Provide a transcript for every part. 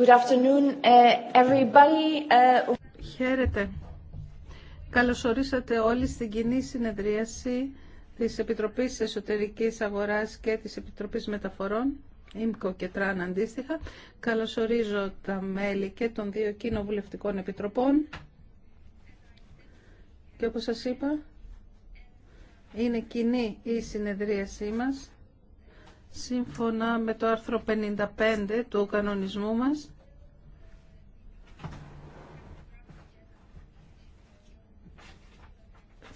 Good afternoon, uh, everybody. Uh, Χαίρετε. Καλωσορίσατε όλοι στην κοινή συνεδρίαση της Επιτροπής Εσωτερικής Αγοράς και της Επιτροπής Μεταφορών, ΙΜΚΟ και ΤΡΑΝ αντίστοιχα. Καλωσορίζω τα μέλη και των δύο κοινοβουλευτικών επιτροπών. Και όπως σας είπα, είναι κοινή η συνεδρίασή μας σύμφωνα με το άρθρο 55 του κανονισμού μας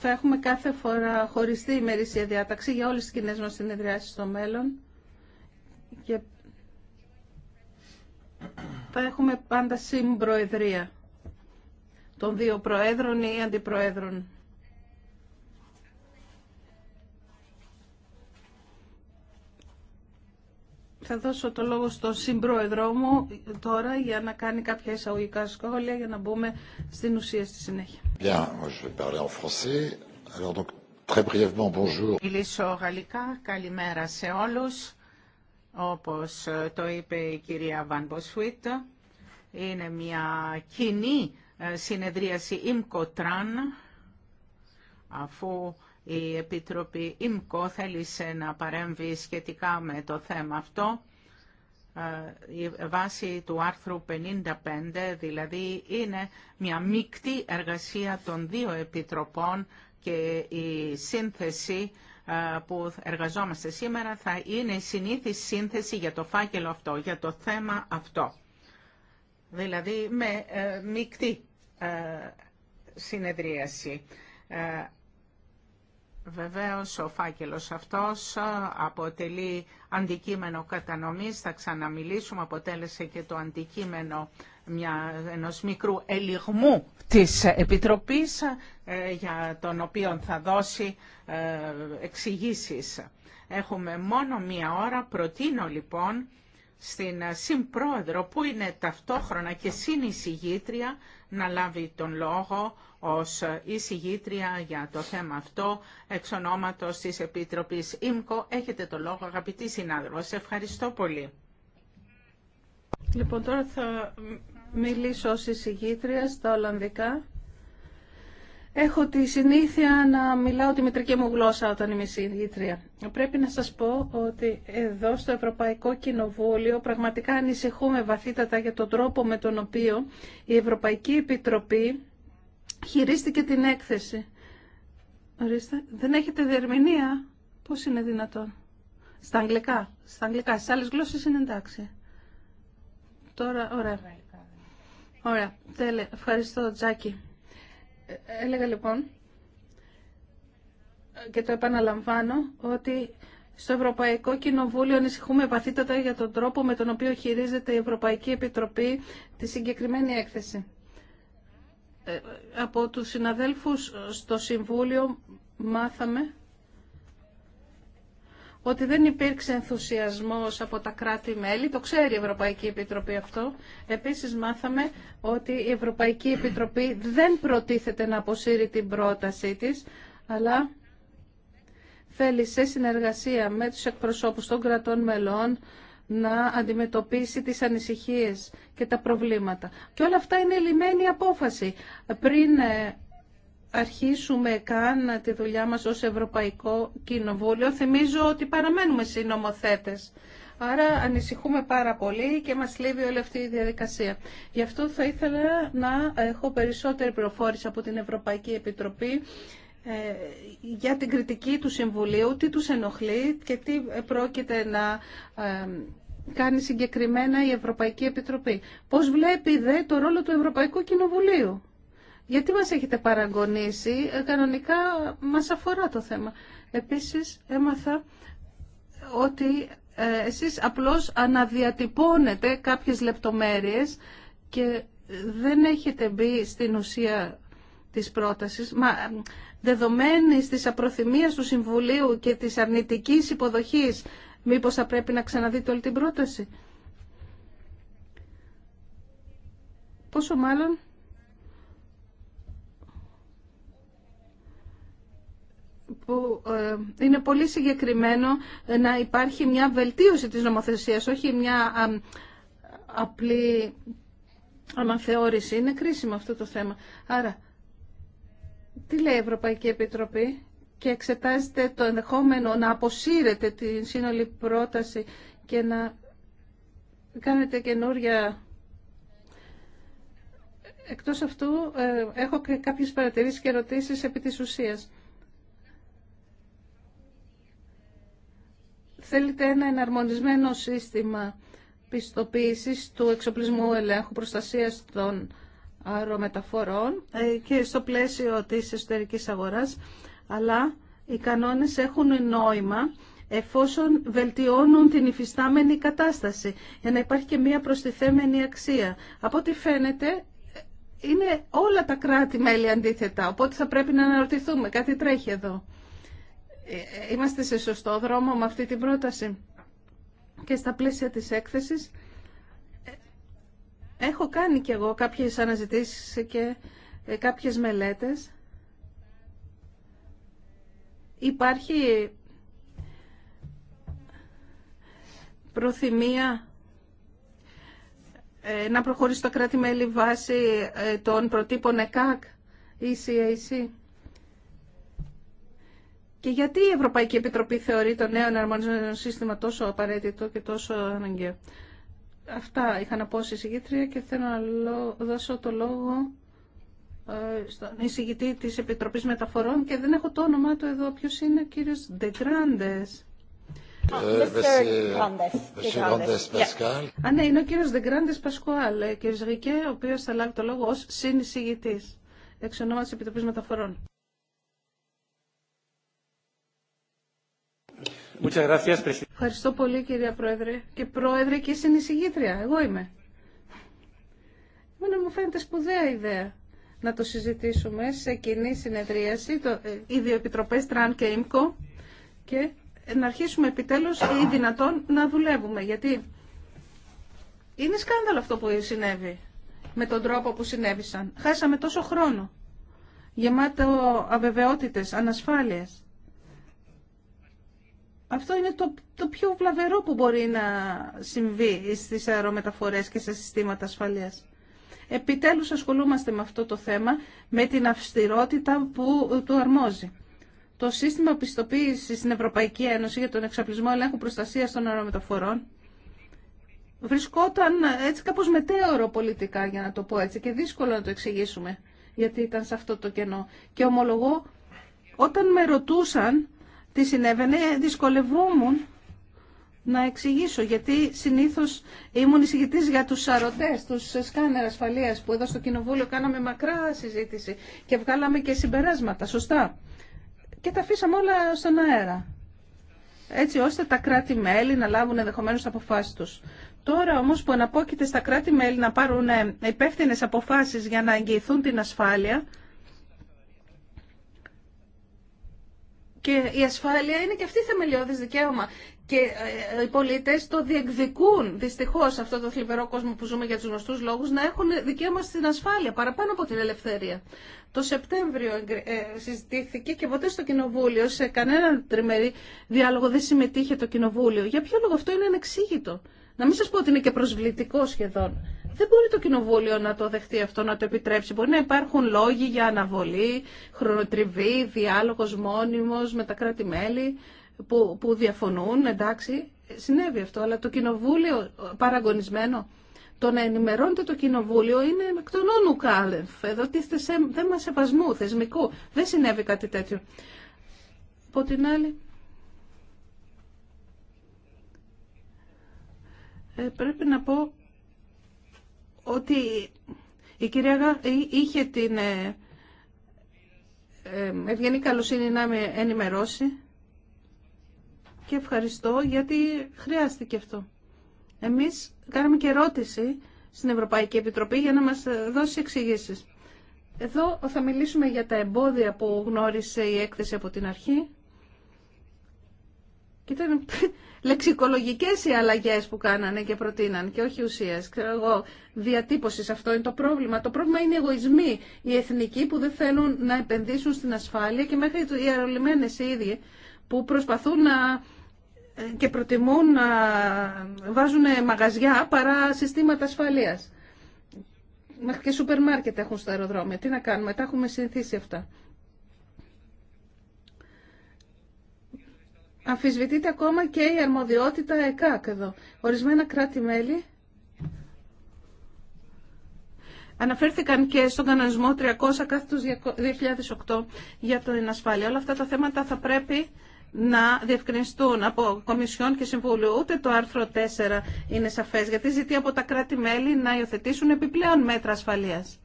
Θα έχουμε κάθε φορά χωριστή ημερήσια διάταξη για όλες τις κοινές μας συνεδριάσεις στο μέλλον και θα έχουμε πάντα συμπροεδρία των δύο προέδρων ή αντιπροέδρων. Θα δώσω το λόγο στον συμπρόεδρό μου τώρα για να κάνει κάποια εισαγωγικά σχόλια για να μπούμε στην ουσία στη συνέχεια. Bien, Μιλήσω γαλλικά. Καλημέρα σε όλους. Όπως ε, το είπε η κυρία Βαν Μποσφουίτ, είναι μια κοινή ε, συνεδρίαση αφού η Επιτροπή ΙΜΚΟ θέλησε να παρέμβει σχετικά με το θέμα αυτό ε, η βάση του άρθρου 55, δηλαδή είναι μια μεικτή εργασία των δύο επιτροπών και η σύνθεση ε, που εργαζόμαστε σήμερα θα είναι η συνήθι σύνθεση για το φάκελο αυτό, για το θέμα αυτό. Δηλαδή με ε, μεικτή συνεδρίαση. Βεβαίως ο φάκελος αυτός ε, αποτελεί αντικείμενο κατανομής, θα ξαναμιλήσουμε, αποτέλεσε και το αντικείμενο ενό μικρού ελιγμού της Επιτροπής ε, για τον οποίο θα δώσει ε, εξηγήσεις. Έχουμε μόνο μία ώρα, προτείνω λοιπόν στην συμπρόεδρο που είναι ταυτόχρονα και συνεισηγήτρια να λάβει τον λόγο ως εισηγήτρια για το θέμα αυτό, εξ ονόματος της Επίτροπης ΙΜΚΟ. Έχετε το λόγο, αγαπητοί Σε ευχαριστώ πολύ. Λοιπόν, τώρα θα μιλήσω ως εισηγήτρια στα Ολλανδικά. Έχω τη συνήθεια να μιλάω τη μητρική μου γλώσσα όταν είμαι εισηγήτρια. Πρέπει να σας πω ότι εδώ στο Ευρωπαϊκό Κοινοβούλιο πραγματικά ανησυχούμε βαθύτατα για τον τρόπο με τον οποίο η Ευρωπαϊκή Επιτροπή χειρίστηκε την έκθεση. Δεν έχετε διερμηνία. Πώς είναι δυνατόν. Στα αγγλικά. Στα αγγλικά. Στις άλλες γλώσσες είναι εντάξει. Τώρα, ωραία. Ωραία. Τέλε. Ευχαριστώ, Τζάκι. Ε, έλεγα λοιπόν και το επαναλαμβάνω ότι στο Ευρωπαϊκό Κοινοβούλιο ανησυχούμε βαθύτατα για τον τρόπο με τον οποίο χειρίζεται η Ευρωπαϊκή Επιτροπή τη συγκεκριμένη έκθεση. Ε, από τους συναδέλφους στο Συμβούλιο μάθαμε ότι δεν υπήρξε ενθουσιασμός από τα κράτη-μέλη, το ξέρει η Ευρωπαϊκή Επιτροπή αυτό. Επίσης μάθαμε ότι η Ευρωπαϊκή Επιτροπή δεν προτίθεται να αποσύρει την πρότασή της, αλλά θέλει σε συνεργασία με τους εκπροσώπους των κρατών μελών να αντιμετωπίσει τις ανησυχίες και τα προβλήματα. Και όλα αυτά είναι λιμένη απόφαση. Πριν ε, αρχίσουμε καν τη δουλειά μας ως Ευρωπαϊκό Κοινοβούλιο, θυμίζω ότι παραμένουμε συνομοθέτες. Άρα ανησυχούμε πάρα πολύ και μας λείβει όλη αυτή η διαδικασία. Γι' αυτό θα ήθελα να έχω περισσότερη πληροφόρηση από την Ευρωπαϊκή Επιτροπή ε, για την κριτική του Συμβουλίου, τι τους ενοχλεί και τι ε, πρόκειται να κάνει συγκεκριμένα η Ευρωπαϊκή Επιτροπή. Πώς βλέπει δε το ρόλο του Ευρωπαϊκού Κοινοβουλίου. Γιατί μας έχετε παραγωνίσει, ε, κανονικά μας αφορά το θέμα. Επίσης έμαθα ότι ε, εσείς απλώς αναδιατυπώνετε κάποιες λεπτομέρειες και δεν έχετε μπει στην ουσία της πρότασης. Μα δεδομένης της απροθυμίας του Συμβουλίου και της αρνητικής υποδοχής Μήπως θα πρέπει να ξαναδείτε όλη την πρόταση. Πόσο μάλλον που ε, είναι πολύ συγκεκριμένο ε, να υπάρχει μια βελτίωση της νομοθεσίας, όχι μια απλή αναθεώρηση. Είναι κρίσιμο αυτό το θέμα. Άρα, τι λέει η Ευρωπαϊκή Επιτροπή και εξετάζεται το ενδεχόμενο να αποσύρετε την σύνολη πρόταση και να κάνετε καινούρια. Εκτός αυτού, ε, έχω και κάποιες παρατηρήσεις και ερωτήσεις επί της ουσίας. Θέλετε ένα εναρμονισμένο σύστημα πιστοποίησης του εξοπλισμού ελέγχου προστασίας των αερομεταφορών ε, και στο πλαίσιο της εσωτερικής αγοράς αλλά οι κανόνες έχουν νόημα εφόσον βελτιώνουν την υφιστάμενη κατάσταση, για να υπάρχει και μία προστιθέμενη αξία. Από ό,τι φαίνεται, είναι όλα τα κράτη-μέλη αντίθετα, οπότε θα πρέπει να αναρωτηθούμε, κάτι τρέχει εδώ. Ε, ε, είμαστε σε σωστό δρόμο με αυτή την πρόταση. Και στα πλαίσια της έκθεσης ε, έχω κάνει κι εγώ κάποιες αναζητήσεις και κάποιες μελέτες Υπάρχει προθυμία ε, να προχωρήσει το κράτη-μέλη βάσει ε, των προτύπων ΕΚΑΚ ή e CAC. Και γιατί η Ευρωπαϊκή Επιτροπή θεωρεί το νέο εναρμονισμένο σύστημα τόσο απαραίτητο και τόσο αναγκαίο. Αυτά είχα να πω στη συγκήτρια και θέλω να δώσω το λόγο ε, στον εισηγητή της Επιτροπής Μεταφορών και δεν έχω το όνομά του εδώ. Ποιος είναι ο κύριος Ντεγκράντες. Α, ναι, είναι ο κύριος Δεγκράντες Πασκουάλ, ε, κύριος Ρικέ, ο οποίος θα λάβει το λόγο ως συνεισηγητής εξ ονόματος της Επιτροπής Μεταφορών. Ευχαριστώ πολύ κυρία Πρόεδρε και Πρόεδρε και συνεισηγήτρια, εγώ είμαι. μου φαίνεται σπουδαία ιδέα να το συζητήσουμε σε κοινή συνεδρίαση, το, ε, οι δύο επιτροπές Τραν και ΙΜΚΟ και να αρχίσουμε επιτέλους ή δυνατόν να δουλεύουμε, γιατί είναι σκάνδαλο αυτό που συνέβη με τον τρόπο που συνέβησαν. Χάσαμε τόσο χρόνο, γεμάτο αβεβαιότητες, ανασφάλειες. Αυτό είναι το, το πιο βλαβερό που μπορεί να συμβεί στις αερομεταφορές και σε συστήματα ασφαλείας. Επιτέλους ασχολούμαστε με αυτό το θέμα, με την αυστηρότητα που του αρμόζει. Το σύστημα πιστοποίησης στην Ευρωπαϊκή Ένωση για τον εξαπλισμό ελέγχου προστασίας των αερομεταφορών βρισκόταν έτσι κάπως μετέωρο πολιτικά, για να το πω έτσι, και δύσκολο να το εξηγήσουμε, γιατί ήταν σε αυτό το κενό. Και ομολογώ, όταν με ρωτούσαν τι συνέβαινε, δυσκολευόμουν να εξηγήσω, γιατί συνήθως ήμουν εισηγητή για τους σαρωτές, τους σκάνερ ασφαλείας, που εδώ στο Κοινοβούλιο κάναμε μακρά συζήτηση και βγάλαμε και συμπεράσματα, σωστά. Και τα αφήσαμε όλα στον αέρα. Έτσι ώστε τα κράτη-μέλη να λάβουν ενδεχομένω αποφάσεις αποφάσει του. Τώρα όμως που αναπόκειται στα κράτη-μέλη να πάρουν ε, υπεύθυνε αποφάσεις για να εγγυηθούν την ασφάλεια, Και η ασφάλεια είναι και αυτή θεμελιώδης δικαίωμα και ε, οι πολίτες το διεκδικούν δυστυχώς αυτό το θλιβερό κόσμο που ζούμε για του γνωστού λόγου, να έχουν δικαίωμα στην ασφάλεια παραπάνω από την ελευθερία. Το Σεπτέμβριο ε, συζητήθηκε και ποτέ στο Κοινοβούλιο, σε κανένα τριμερή διάλογο δεν συμμετείχε το Κοινοβούλιο. Για ποιο λόγο αυτό είναι ανεξήγητο. Να μην σα πω ότι είναι και προσβλητικό σχεδόν. Δεν μπορεί το Κοινοβούλιο να το δεχτεί αυτό, να το επιτρέψει. Μπορεί να υπάρχουν λόγοι για αναβολή, χρονοτριβή, διάλογο μόνιμο με τα κράτη-μέλη που, που διαφωνούν, εντάξει, συνέβη αυτό, αλλά το κοινοβούλιο παραγωνισμένο, το να ενημερώνεται το κοινοβούλιο είναι εκ των όνου κάλεφ. Εδώ τίθεται σε θέμα σεβασμού, θεσμικού. Δεν συνέβη κάτι τέτοιο. Από την άλλη, ε, πρέπει να πω ότι η κυρία ε, είχε την ε, ε, ευγενή καλοσύνη να με ενημερώσει και ευχαριστώ γιατί χρειάστηκε αυτό. Εμείς κάναμε και ερώτηση στην Ευρωπαϊκή Επιτροπή για να μας δώσει εξηγήσεις. Εδώ θα μιλήσουμε για τα εμπόδια που γνώρισε η έκθεση από την αρχή. Και ήταν λεξικολογικές οι αλλαγές που κάνανε και προτείναν και όχι ουσίες. Ξέρω εγώ, διατύπωσης αυτό είναι το πρόβλημα. Το πρόβλημα είναι οι εγωισμοί, οι εθνικοί που δεν θέλουν να επενδύσουν στην ασφάλεια και μέχρι οι αερολιμένες οι ίδιοι που προσπαθούν να και προτιμούν να βάζουν μαγαζιά παρά συστήματα ασφαλείας. Μέχρι και σούπερ μάρκετ έχουν στα αεροδρόμια. Τι να κάνουμε, τα έχουμε συνηθίσει αυτά. Αμφισβητείται ακόμα και η αρμοδιότητα ΕΚΑΚ εδώ. Ορισμένα κράτη-μέλη αναφέρθηκαν και στον κανονισμό 300 2008 για την ασφάλεια. Όλα αυτά τα θέματα θα πρέπει να διευκρινιστούν από Κομισιόν και Συμβούλιο. Ούτε το άρθρο 4 είναι σαφές, γιατί ζητεί από τα κράτη-μέλη να υιοθετήσουν επιπλέον μέτρα ασφαλείας.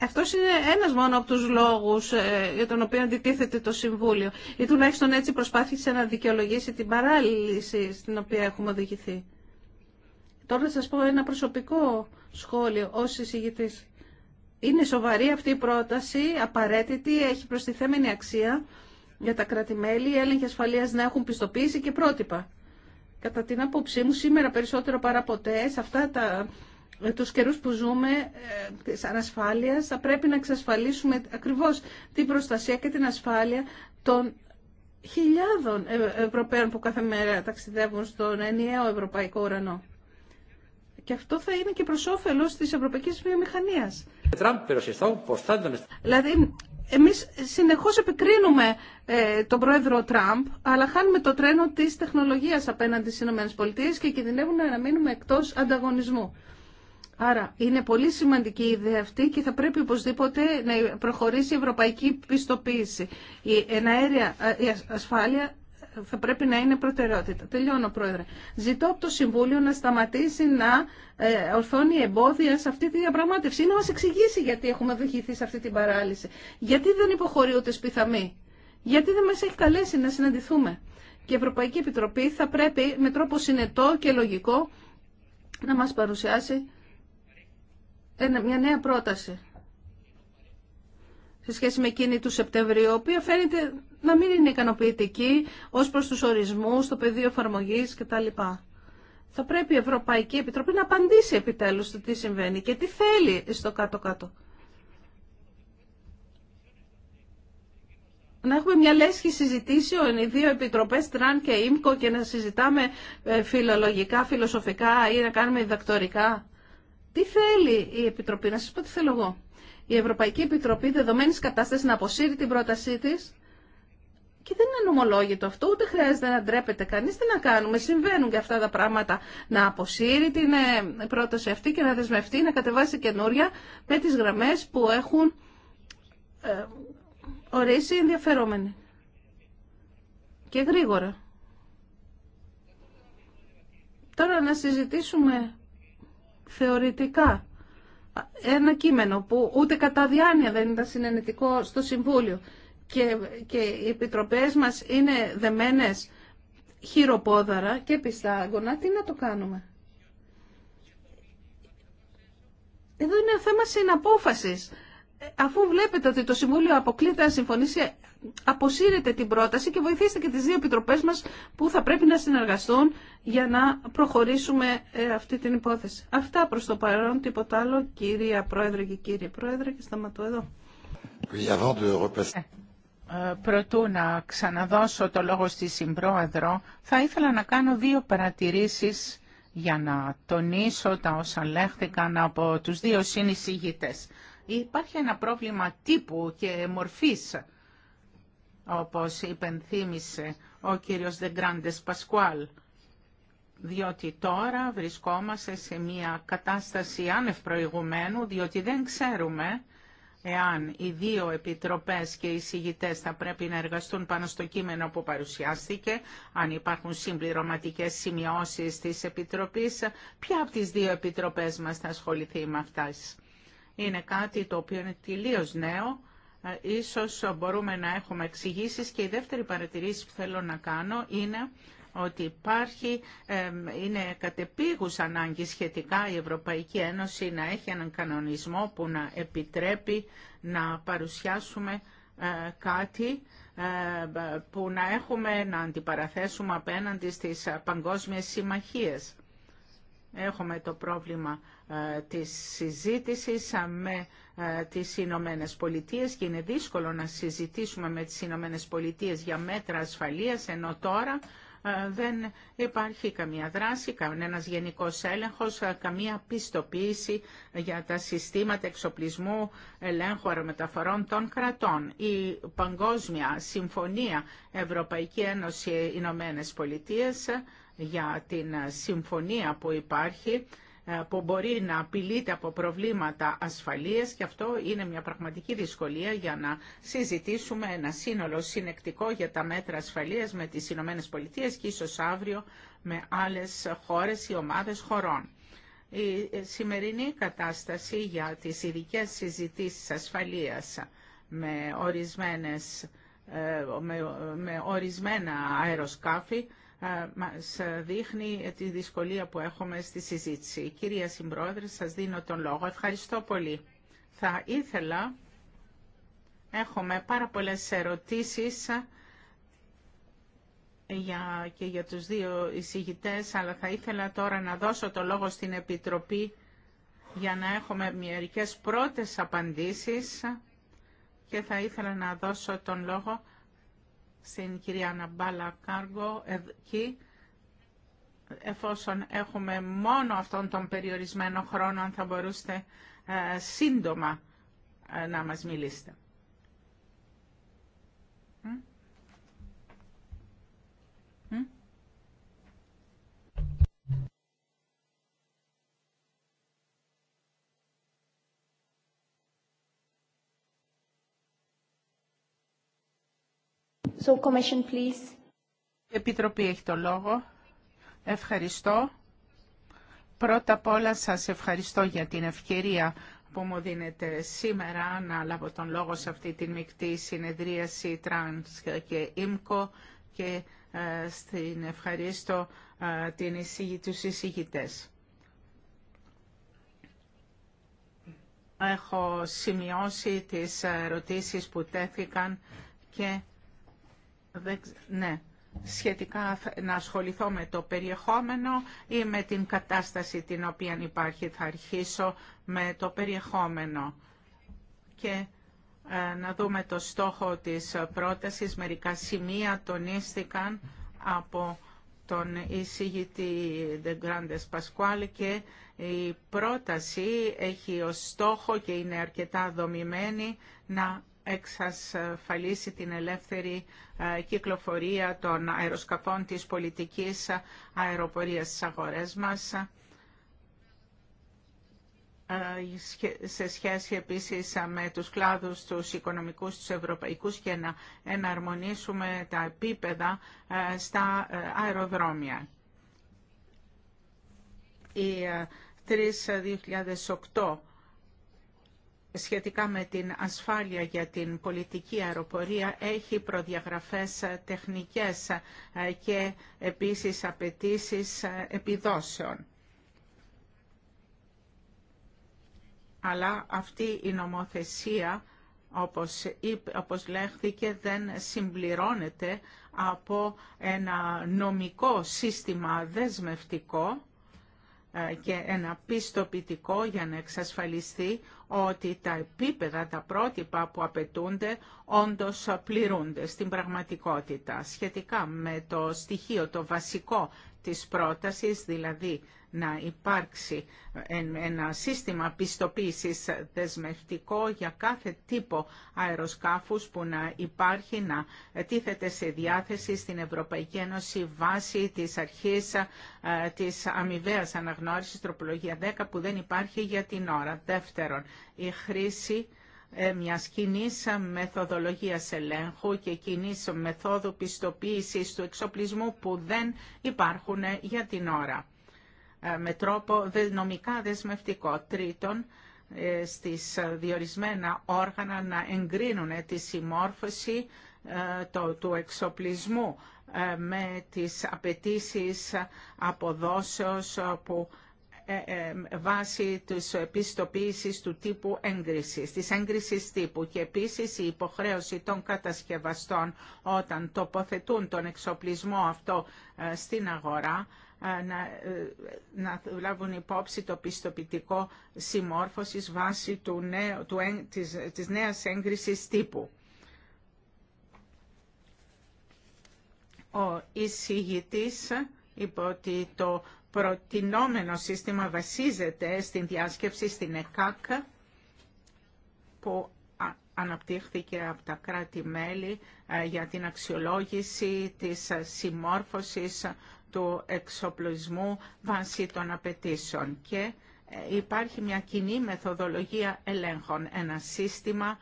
Αυτό είναι ένας μόνο από τους λόγους ε, για τον οποίο αντιτίθεται το Συμβούλιο. Ή τουλάχιστον έτσι προσπάθησε να δικαιολογήσει την παράλυση στην οποία έχουμε οδηγηθεί. Τώρα θα σας πω ένα προσωπικό σχόλιο ω είναι σοβαρή αυτή η πρόταση, απαραίτητη, έχει προστιθέμενη αξία για τα κρατημέλη, οι έλεγχοι ασφαλείας να έχουν πιστοποίηση και πρότυπα. Κατά την άποψή μου, σήμερα περισσότερο παρά ποτέ, σε αυτά τα, ε, τους καιρούς που ζούμε ε, σαν θα πρέπει να εξασφαλίσουμε ακριβώς την προστασία και την ασφάλεια των χιλιάδων ε, Ευρωπαίων που κάθε μέρα ταξιδεύουν στον ενιαίο ευρωπαϊκό ουρανό. Και αυτό θα είναι και προς όφελος της ευρωπαϊκής βιομηχανίας Δηλαδή, εμεί συνεχώ επικρίνουμε ε, τον πρόεδρο Τραμπ, αλλά χάνουμε το τρένο τη τεχνολογία απέναντι στι ΗΠΑ και κινδυνεύουν να μείνουμε εκτό ανταγωνισμού. Άρα είναι πολύ σημαντική η ιδέα αυτή και θα πρέπει οπωσδήποτε να προχωρήσει η ευρωπαϊκή πιστοποίηση. Η αερια ε, η ασφάλεια θα πρέπει να είναι προτεραιότητα. Τελειώνω, Πρόεδρε. Ζητώ από το Συμβούλιο να σταματήσει να ε, ορθώνει εμπόδια σε αυτή τη διαπραγμάτευση ή να μα εξηγήσει γιατί έχουμε δοχηθεί σε αυτή την παράλυση. Γιατί δεν υποχωρεί ούτε σπιθαμή. Γιατί δεν μα έχει καλέσει να συναντηθούμε. Και η Ευρωπαϊκή Επιτροπή θα πρέπει με τρόπο συνετό και λογικό να μας παρουσιάσει μια νέα πρόταση σε σχέση με εκείνη του Σεπτεμβρίου, η οποία φαίνεται να μην είναι ικανοποιητική ως προς τους ορισμούς, το πεδίο εφαρμογή κτλ. Θα πρέπει η Ευρωπαϊκή Επιτροπή να απαντήσει επιτέλους στο τι συμβαίνει και τι θέλει στο κάτω-κάτω. να έχουμε μια λέσχη συζητήσεων, οι δύο επιτροπές, Τραν και Ίμκο, και να συζητάμε ε, φιλολογικά, φιλοσοφικά ή να κάνουμε διδακτορικά. Τι θέλει η Επιτροπή, να σας πω τι θέλω εγώ. Η Ευρωπαϊκή Επιτροπή δεδομένης κατάστασης να αποσύρει την πρότασή της και δεν είναι νομολόγητο αυτό, ούτε χρειάζεται να ντρέπεται κανείς. Τι να κάνουμε, συμβαίνουν και αυτά τα πράγματα. Να αποσύρει την ε, πρόταση αυτή και να δεσμευτεί, να κατεβάσει καινούρια με τις γραμμές που έχουν ε, ορίσει ενδιαφερόμενοι. Και γρήγορα. Τώρα να συζητήσουμε θεωρητικά ένα κείμενο που ούτε κατά διάνοια δεν ήταν συνενετικό στο Συμβούλιο και, και οι επιτροπές μας είναι δεμένες χειροπόδαρα και πιστάγωνα, τι να το κάνουμε. Εδώ είναι θέμα συναπόφασης. Ε, αφού βλέπετε ότι το Συμβούλιο αποκλείται να συμφωνήσει, αποσύρετε την πρόταση και βοηθήστε και τις δύο επιτροπές μας που θα πρέπει να συνεργαστούν για να προχωρήσουμε ε, αυτή την υπόθεση. Αυτά προς το παρόν, τίποτα άλλο, κυρία Πρόεδρε και κύριε Πρόεδρε και σταματώ εδώ. Πρωτού να ξαναδώσω το λόγο στη Συμπρόεδρο, θα ήθελα να κάνω δύο παρατηρήσεις για να τονίσω τα όσα λέχθηκαν από τους δύο συνεισηγητές. Υπάρχει ένα πρόβλημα τύπου και μορφής, όπως υπενθύμησε ο κύριος Δεγκράντες Πασκουάλ, διότι τώρα βρισκόμαστε σε μια κατάσταση άνευ προηγουμένου, διότι δεν ξέρουμε εάν οι δύο επιτροπές και οι συγητές θα πρέπει να εργαστούν πάνω στο κείμενο που παρουσιάστηκε, αν υπάρχουν συμπληρωματικές σημειώσεις της Επιτροπής, ποια από τις δύο επιτροπές μας θα ασχοληθεί με αυτά. Είναι κάτι το οποίο είναι τελείω νέο. Ε, ίσως μπορούμε να έχουμε εξηγήσει και η δεύτερη παρατηρήση που θέλω να κάνω είναι ότι υπάρχει, είναι κατεπίγους ανάγκη σχετικά η Ευρωπαϊκή Ένωση να έχει έναν κανονισμό που να επιτρέπει να παρουσιάσουμε ε, κάτι ε, που να έχουμε να αντιπαραθέσουμε απέναντι στις παγκόσμιες συμμαχίες. Έχουμε το πρόβλημα ε, της συζήτησης με τις Ηνωμένε Πολιτείε και είναι δύσκολο να συζητήσουμε με τις Ηνωμένε Πολιτείε για μέτρα ασφαλείας, ενώ τώρα ε, δεν υπάρχει καμία δράση, κανένας γενικός έλεγχος, ε, καμία πιστοποίηση για τα συστήματα εξοπλισμού ελέγχου αερομεταφορών των κρατών. Η Παγκόσμια Συμφωνία Ευρωπαϊκή Ένωση Ηνωμένες πολιτείες ε, για την συμφωνία που υπάρχει ε, που μπορεί να απειλείται από προβλήματα ασφαλείας και αυτό είναι μια πραγματική δυσκολία για να συζητήσουμε ένα σύνολο συνεκτικό για τα μέτρα ασφαλείας με τις Ηνωμένε Πολιτείες και ίσως αύριο με άλλες χώρες ή ομάδες χωρών. Η σημερινή κατάσταση για τις ειδικέ συζητήσεις ασφαλείας με, ορισμένες, ε, με ορισμένα αεροσκάφη ε, μας δείχνει τη δυσκολία που έχουμε στη συζήτηση. Κυρία Συμπρόεδρε, σας δίνω τον λόγο. Ευχαριστώ πολύ. Θα ήθελα, έχουμε πάρα πολλές ερωτήσεις ε, για, και για τους δύο εισηγητές, αλλά θα ήθελα τώρα να δώσω τον λόγο στην Επιτροπή για να έχουμε μερικές πρώτες απαντήσεις και θα ήθελα να δώσω τον λόγο στην κυρία Ναμπάλα Κάργο εκεί εφόσον έχουμε μόνο αυτόν τον περιορισμένο χρόνο αν θα μπορούσατε ε, σύντομα ε, να μας μιλήσετε. Επιτροπή έχει το λόγο. Ευχαριστώ. Πρώτα απ' όλα σας ευχαριστώ για την ευκαιρία που μου δίνετε σήμερα να λάβω τον λόγο σε αυτή τη μεικτή συνεδρίαση C-TRANS και ΙΜΚΟ και ε, στην ευχαρίστω ε, την εισηγη, τους εισηγητές. Έχω σημειώσει τις ερωτήσεις που τέθηκαν και ναι, σχετικά να ασχοληθώ με το περιεχόμενο ή με την κατάσταση την οποία υπάρχει. Θα αρχίσω με το περιεχόμενο και ε, να δούμε το στόχο της πρότασης. Μερικά σημεία τονίστηκαν από τον εισηγητή The Grandes Pasquale και η πρόταση έχει ως στόχο και είναι αρκετά δομημένη να εξασφαλίσει την ελεύθερη ε, κυκλοφορία των αεροσκαφών της πολιτικής αεροπορίας στις αγορές μας ε, σε σχέση επίσης με τους κλάδους τους οικονομικούς, τους ευρωπαϊκούς και να εναρμονίσουμε τα επίπεδα ε, στα αεροδρόμια. Η 3-2008 σχετικά με την ασφάλεια για την πολιτική αεροπορία έχει προδιαγραφές τεχνικές ε, και επίσης απαιτήσει ε, επιδόσεων. Αλλά αυτή η νομοθεσία, όπως, είπε, όπως λέχθηκε, δεν συμπληρώνεται από ένα νομικό σύστημα δεσμευτικό ε, και ένα πιστοποιητικό για να εξασφαλιστεί ότι τα επίπεδα, τα πρότυπα που απαιτούνται όντως πληρούνται στην πραγματικότητα. Σχετικά με το στοιχείο, το βασικό της πρότασης, δηλαδή να υπάρξει ένα σύστημα πιστοποίησης δεσμευτικό για κάθε τύπο αεροσκάφους που να υπάρχει να τίθεται σε διάθεση στην Ευρωπαϊκή Ένωση βάσει της αρχής ε, της αμοιβαία αναγνώρισης τροπολογία 10 που δεν υπάρχει για την ώρα. Δεύτερον, η χρήση ε, μια κοινή μεθοδολογία ελέγχου και κοινή μεθόδου πιστοποίηση του εξοπλισμού που δεν υπάρχουν για την ώρα. Ε, με τρόπο νομικά δεσμευτικό. Τρίτον, ε, στις ε, διορισμένα όργανα να εγκρίνουν τη συμμόρφωση το, του εξοπλισμού με τις απαιτήσει αποδόσεως που βάσει της επιστοποίησης του τύπου έγκρισης, της έγκρισης τύπου και επίσης η υποχρέωση των κατασκευαστών όταν τοποθετούν τον εξοπλισμό αυτό στην αγορά ε, να, ε, να λάβουν υπόψη το πιστοποιητικό συμμόρφωσης βάσει του του, της, της νέας έγκρισης τύπου. Ο εισηγητής είπε ότι το προτινόμενο σύστημα βασίζεται στην διάσκεψη στην ΕΚΑΚ που αναπτύχθηκε από τα κράτη-μέλη ε, για την αξιολόγηση της συμμόρφωσης του εξοπλισμού βάσει των απαιτήσεων. Και ε, υπάρχει μια κοινή μεθοδολογία ελέγχων, ένα σύστημα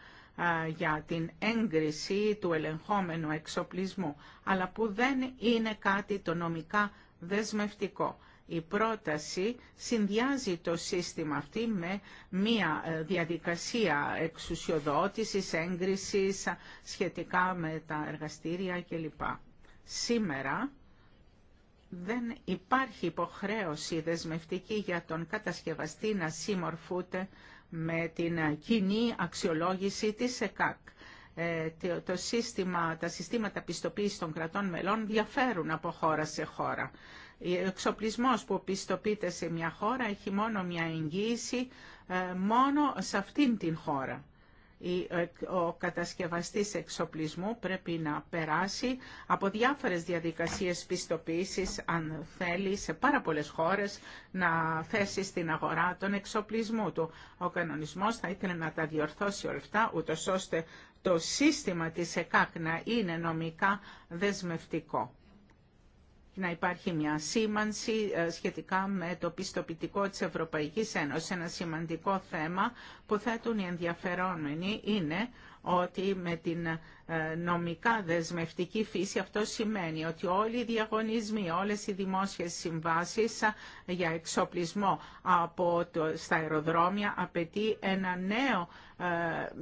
για την έγκριση του ελεγχόμενου εξοπλισμού, αλλά που δεν είναι κάτι το νομικά δεσμευτικό. Η πρόταση συνδυάζει το σύστημα αυτή με μία ε, διαδικασία εξουσιοδότησης, έγκρισης σχετικά με τα εργαστήρια κλπ. Σήμερα δεν υπάρχει υποχρέωση δεσμευτική για τον κατασκευαστή να συμμορφούται με την κοινή αξιολόγηση της ΕΚΑΚ. Ε, το σύστημα, τα συστήματα πιστοποίησης των κρατών μελών διαφέρουν από χώρα σε χώρα. Ο εξοπλισμός που πιστοποιείται σε μια χώρα έχει μόνο μια εγγύηση ε, μόνο σε αυτήν την χώρα. Ε, ο κατασκευαστής εξοπλισμού πρέπει να περάσει από διάφορες διαδικασίες πιστοποίησης αν θέλει σε πάρα πολλές χώρες να θέσει στην αγορά τον εξοπλισμό του. Ο κανονισμός θα ήθελε να τα διορθώσει όλα αυτά ούτως ώστε το σύστημα της ΕΚΑΚ να είναι νομικά δεσμευτικό να υπάρχει μια σήμανση ε, σχετικά με το πιστοποιητικό της Ευρωπαϊκής Ένωσης. Ένα σημαντικό θέμα που θέτουν οι ενδιαφερόμενοι είναι ότι με την ε, νομικά δεσμευτική φύση αυτό σημαίνει ότι όλοι οι διαγωνισμοί, όλες οι δημόσιες συμβάσεις ε, για εξοπλισμό από στα αεροδρόμια απαιτεί ένα νέο,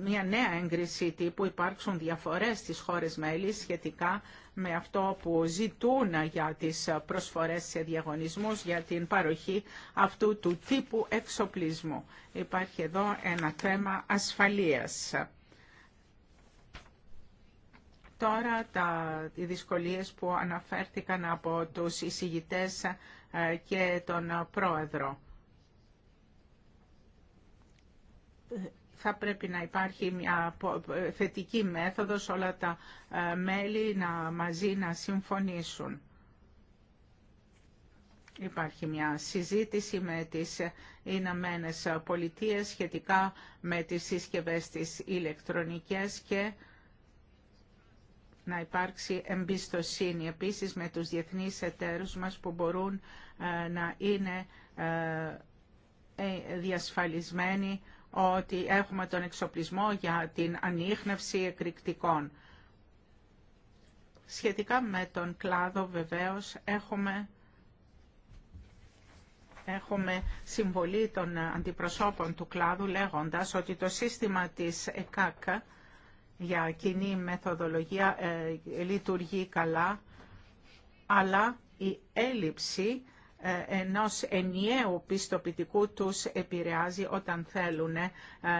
μια νέα έγκριση τύπου. Υπάρξουν διαφορές στις χώρες μέλη σχετικά με αυτό που ζητούν για τις προσφορές σε διαγωνισμούς για την παροχή αυτού του τύπου εξοπλισμού. Υπάρχει εδώ ένα θέμα ασφαλείας. Τώρα τα, οι δυσκολίες που αναφέρθηκαν από τους εισηγητές ε, και τον πρόεδρο ε, θα πρέπει να υπάρχει μια θετική μέθοδος όλα τα ε, μέλη να, μαζί να συμφωνήσουν. Υπάρχει μια συζήτηση με τις Ηνωμένε Πολιτείε σχετικά με τις συσκευές της ηλεκτρονικές και να υπάρξει εμπιστοσύνη επίσης με τους διεθνείς εταίρους μας που μπορούν ε, να είναι ε, διασφαλισμένοι ότι έχουμε τον εξοπλισμό για την ανείχνευση εκρηκτικών. Σχετικά με τον κλάδο βεβαίως έχουμε έχουμε συμβολή των αντιπροσώπων του κλάδου λέγοντας ότι το σύστημα της ΕΚΑΚ για κοινή μεθοδολογία ε, λειτουργεί καλά, αλλά η έλλειψη ε, ενός ενιαίου πιστοποιητικού τους επηρεάζει όταν θέλουν ε,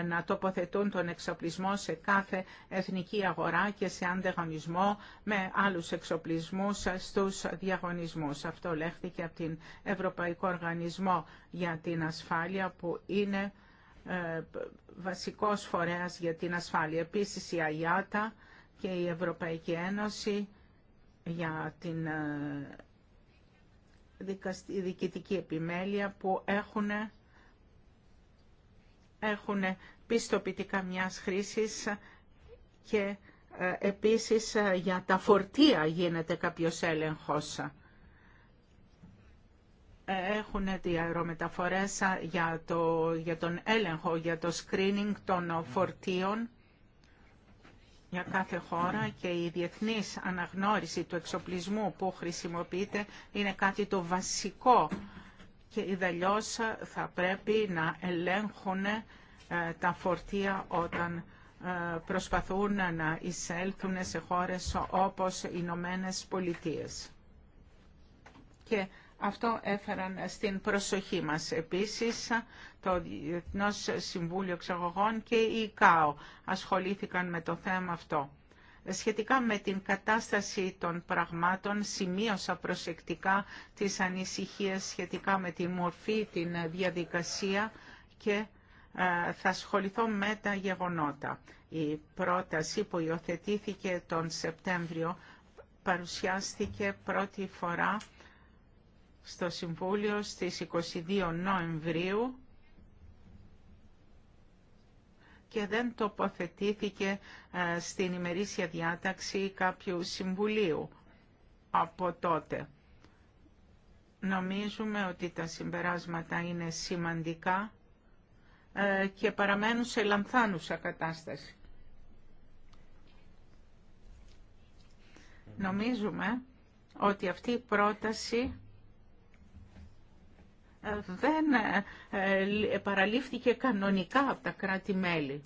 να τοποθετούν τον εξοπλισμό σε κάθε εθνική αγορά και σε ανταγωνισμό με άλλους εξοπλισμούς στους διαγωνισμούς. Αυτό λέχθηκε από την Ευρωπαϊκό Οργανισμό για την Ασφάλεια που είναι ε, βασικός φορέας για την ασφάλεια. Επίσης η ΑΙΑΤΑ και η Ευρωπαϊκή Ένωση για την διοικητική επιμέλεια που έχουν, έχουν πιστοποιητικά μιας χρήσης και ε, επίσης ε, για τα φορτία γίνεται κάποιος έλεγχος. Ε, έχουν διαρρομεταφορές για, το, για τον έλεγχο, για το screening των φορτίων για κάθε χώρα και η διεθνής αναγνώριση του εξοπλισμού που χρησιμοποιείται είναι κάτι το βασικό και ιδαλλιώς θα πρέπει να ελέγχουν ε, τα φορτία όταν ε, προσπαθούν να εισέλθουν σε χώρες όπως οι Ηνωμένε Πολιτείες. Και αυτό έφεραν στην προσοχή μας. Επίσης, το Διεθνώς Συμβούλιο Ξεγωγών και η ΚΑΟ ασχολήθηκαν με το θέμα αυτό. Σχετικά με την κατάσταση των πραγμάτων, σημείωσα προσεκτικά τις ανησυχίες σχετικά με τη μορφή, την διαδικασία και ε, θα ασχοληθώ με τα γεγονότα. Η πρόταση που υιοθετήθηκε τον Σεπτέμβριο παρουσιάστηκε πρώτη φορά στο Συμβούλιο στις 22 Νοεμβρίου και δεν τοποθετήθηκε ε, στην ημερήσια διάταξη κάποιου Συμβουλίου από τότε. Νομίζουμε ότι τα συμπεράσματα είναι σημαντικά ε, και παραμένουν σε λανθάνουσα κατάσταση. Νομίζουμε ότι αυτή η πρόταση δεν ε, παραλήφθηκε κανονικά από τα κράτη-μέλη.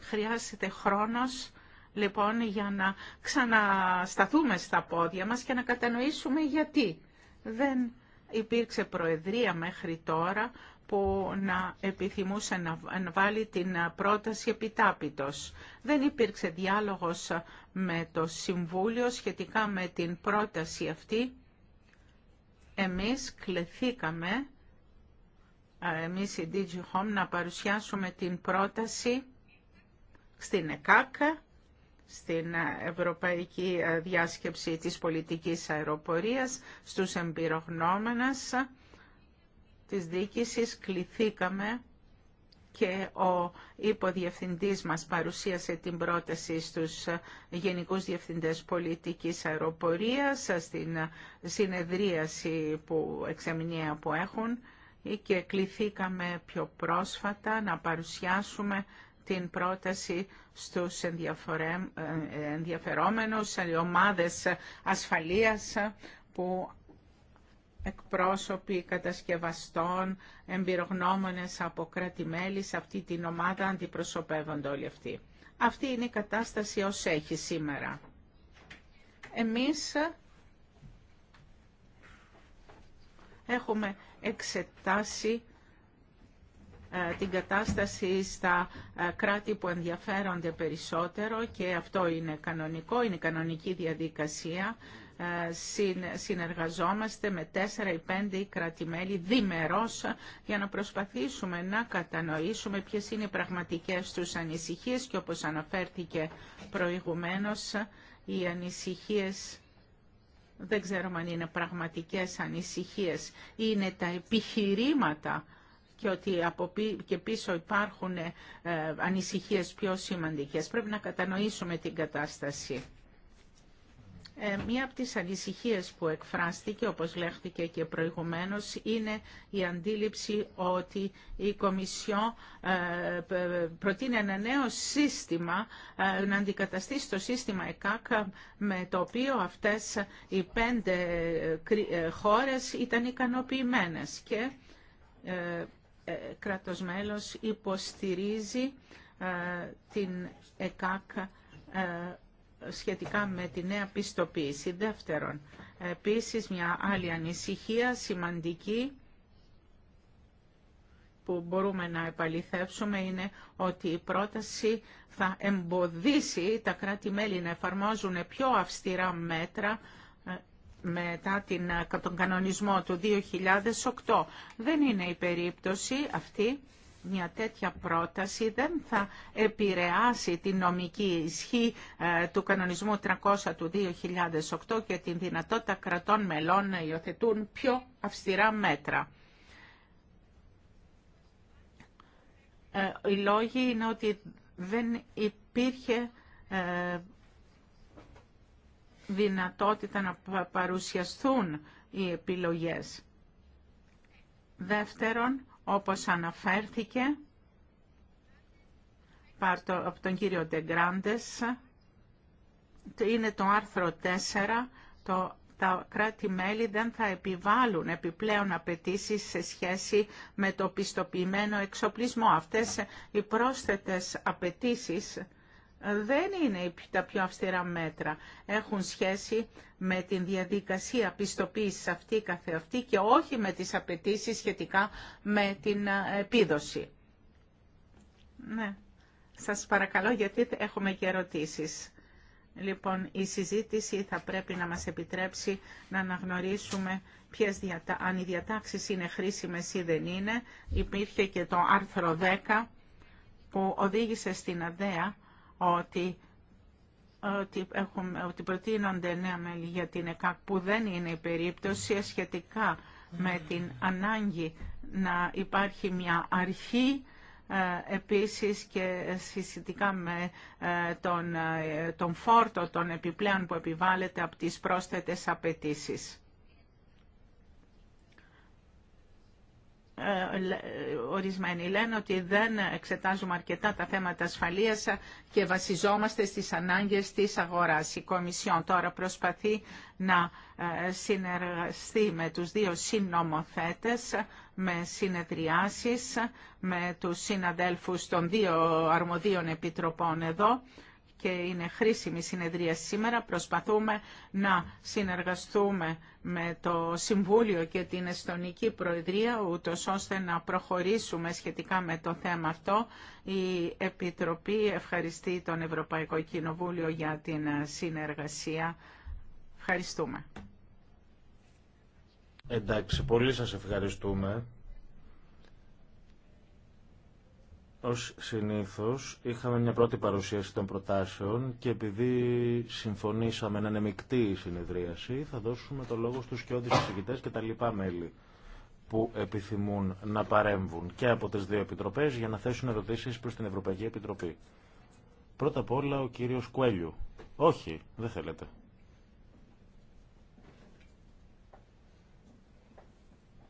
Χρειάζεται χρόνος λοιπόν για να ξανασταθούμε στα πόδια μας και να κατανοήσουμε γιατί δεν υπήρξε προεδρία μέχρι τώρα που να επιθυμούσε να βάλει την πρόταση επιτάπητος. Δεν υπήρξε διάλογος με το Συμβούλιο σχετικά με την πρόταση αυτή εμείς κλεθήκαμε, εμείς η DigiHome, να παρουσιάσουμε την πρόταση στην ΕΚΑΚ, στην Ευρωπαϊκή Διάσκεψη της Πολιτικής Αεροπορίας, στους εμπειρογνώμενες της διοίκησης κληθήκαμε και ο υποδιευθυντής μας παρουσίασε την πρόταση στους Γενικούς Διευθυντές Πολιτικής Αεροπορίας στην συνεδρίαση που εξαμηνία που έχουν και κληθήκαμε πιο πρόσφατα να παρουσιάσουμε την πρόταση στους ε, ενδιαφερόμενους ομάδες ασφαλείας που εκπρόσωποι κατασκευαστών, εμπειρογνώμονες από κράτη-μέλη, σε αυτή την ομάδα αντιπροσωπεύονται όλοι αυτοί. Αυτή είναι η κατάσταση ως έχει σήμερα. Εμείς έχουμε εξετάσει ε, την κατάσταση στα ε, κράτη που ενδιαφέρονται περισσότερο και αυτό είναι κανονικό, είναι κανονική διαδικασία. Ε, συνεργαζόμαστε με τέσσερα ή πέντε κρατημέλη διμερώς για να προσπαθήσουμε να κατανοήσουμε ποιες είναι οι πραγματικές τους ανησυχίες και όπως αναφέρθηκε προηγουμένως οι ανησυχίες δεν ξέρουμε αν είναι πραγματικές ανησυχίες είναι τα επιχειρήματα και ότι από και πίσω υπάρχουν ε, ανησυχίες πιο σημαντικές. Πρέπει να κατανοήσουμε την κατάσταση. Ε, μία από τις ανησυχίες που εκφράστηκε, όπως λέχθηκε και προηγουμένως, είναι η αντίληψη ότι η Κομισιό ε, προτείνει ένα νέο σύστημα ε, να αντικαταστήσει το σύστημα ΕΚΑΚ με το οποίο αυτές οι πέντε ε, χώρες ήταν ικανοποιημένες και κρατος μέλος υποστηρίζει την ΕΚΑΚ σχετικά με τη νέα πιστοποίηση. Δεύτερον, επίσης μια άλλη ανησυχία σημαντική που μπορούμε να επαληθεύσουμε είναι ότι η πρόταση θα εμποδίσει τα κράτη-μέλη να εφαρμόζουν πιο αυστηρά μέτρα ε, μετά την, ε, τον κανονισμό του 2008. Δεν είναι η περίπτωση αυτή μια τέτοια πρόταση δεν θα επηρεάσει την νομική ισχύ ε, του κανονισμού 300 του 2008 και την δυνατότητα κρατών μελών να υιοθετούν πιο αυστηρά μέτρα. Ε, οι λόγοι είναι ότι δεν υπήρχε ε, δυνατότητα να παρουσιαστούν οι επιλογές. Δεύτερον, όπως αναφέρθηκε από τον κύριο Ντεγκράντες, είναι το άρθρο 4, το, τα κράτη-μέλη δεν θα επιβάλλουν επιπλέον απαιτήσει σε σχέση με το πιστοποιημένο εξοπλισμό. Αυτές οι πρόσθετες απαιτήσει δεν είναι τα πιο αυστηρά μέτρα. Έχουν σχέση με την διαδικασία πιστοποίησης αυτή καθεαυτή και όχι με τις απαιτήσει σχετικά με την ε, επίδοση. Ναι. Σας παρακαλώ γιατί έχουμε και ερωτήσεις. Λοιπόν, η συζήτηση θα πρέπει να μας επιτρέψει να αναγνωρίσουμε ποιες διατα... αν οι διατάξεις είναι χρήσιμες ή δεν είναι. Υπήρχε και το άρθρο 10 που οδήγησε στην ΑΔΕΑ ότι έχουμε, ότι προτείνονται νέα μέλη για την ΕΚΑΚ που δεν είναι η περίπτωση ε, σχετικά με την ανάγκη να υπάρχει μια αρχή ε, επίσης και συστητικά με ε, τον, τον φόρτο των επιπλέον που επιβάλλεται από τις πρόσθετες απαιτήσεις. Ε, ορισμένοι λένε ότι δεν εξετάζουμε αρκετά τα θέματα ασφαλείας και βασιζόμαστε στις ανάγκες της αγοράς. Η Κομισιόν τώρα προσπαθεί να ε, συνεργαστεί με τους δύο συνομοθέτες, με συνεδριάσεις, με τους συναδέλφους των δύο αρμοδίων επιτροπών εδώ και είναι χρήσιμη συνεδρία σήμερα. Προσπαθούμε να συνεργαστούμε με το Συμβούλιο και την Εστονική Προεδρία, ούτω ώστε να προχωρήσουμε σχετικά με το θέμα αυτό. Η Επιτροπή ευχαριστεί τον Ευρωπαϊκό Κοινοβούλιο για την συνεργασία. Ευχαριστούμε. Εντάξει, πολύ σας ευχαριστούμε. Ως συνήθως είχαμε μια πρώτη παρουσίαση των προτάσεων και επειδή συμφωνήσαμε να είναι μεικτή συνεδρίαση θα δώσουμε το λόγο στους όντως εισηγητές και τα λοιπά μέλη που επιθυμούν να παρέμβουν και από τις δύο επιτροπές για να θέσουν ερωτήσεις προς την Ευρωπαϊκή Επιτροπή. Πρώτα απ' όλα ο κύριος Κουέλιου. Όχι, δεν θέλετε.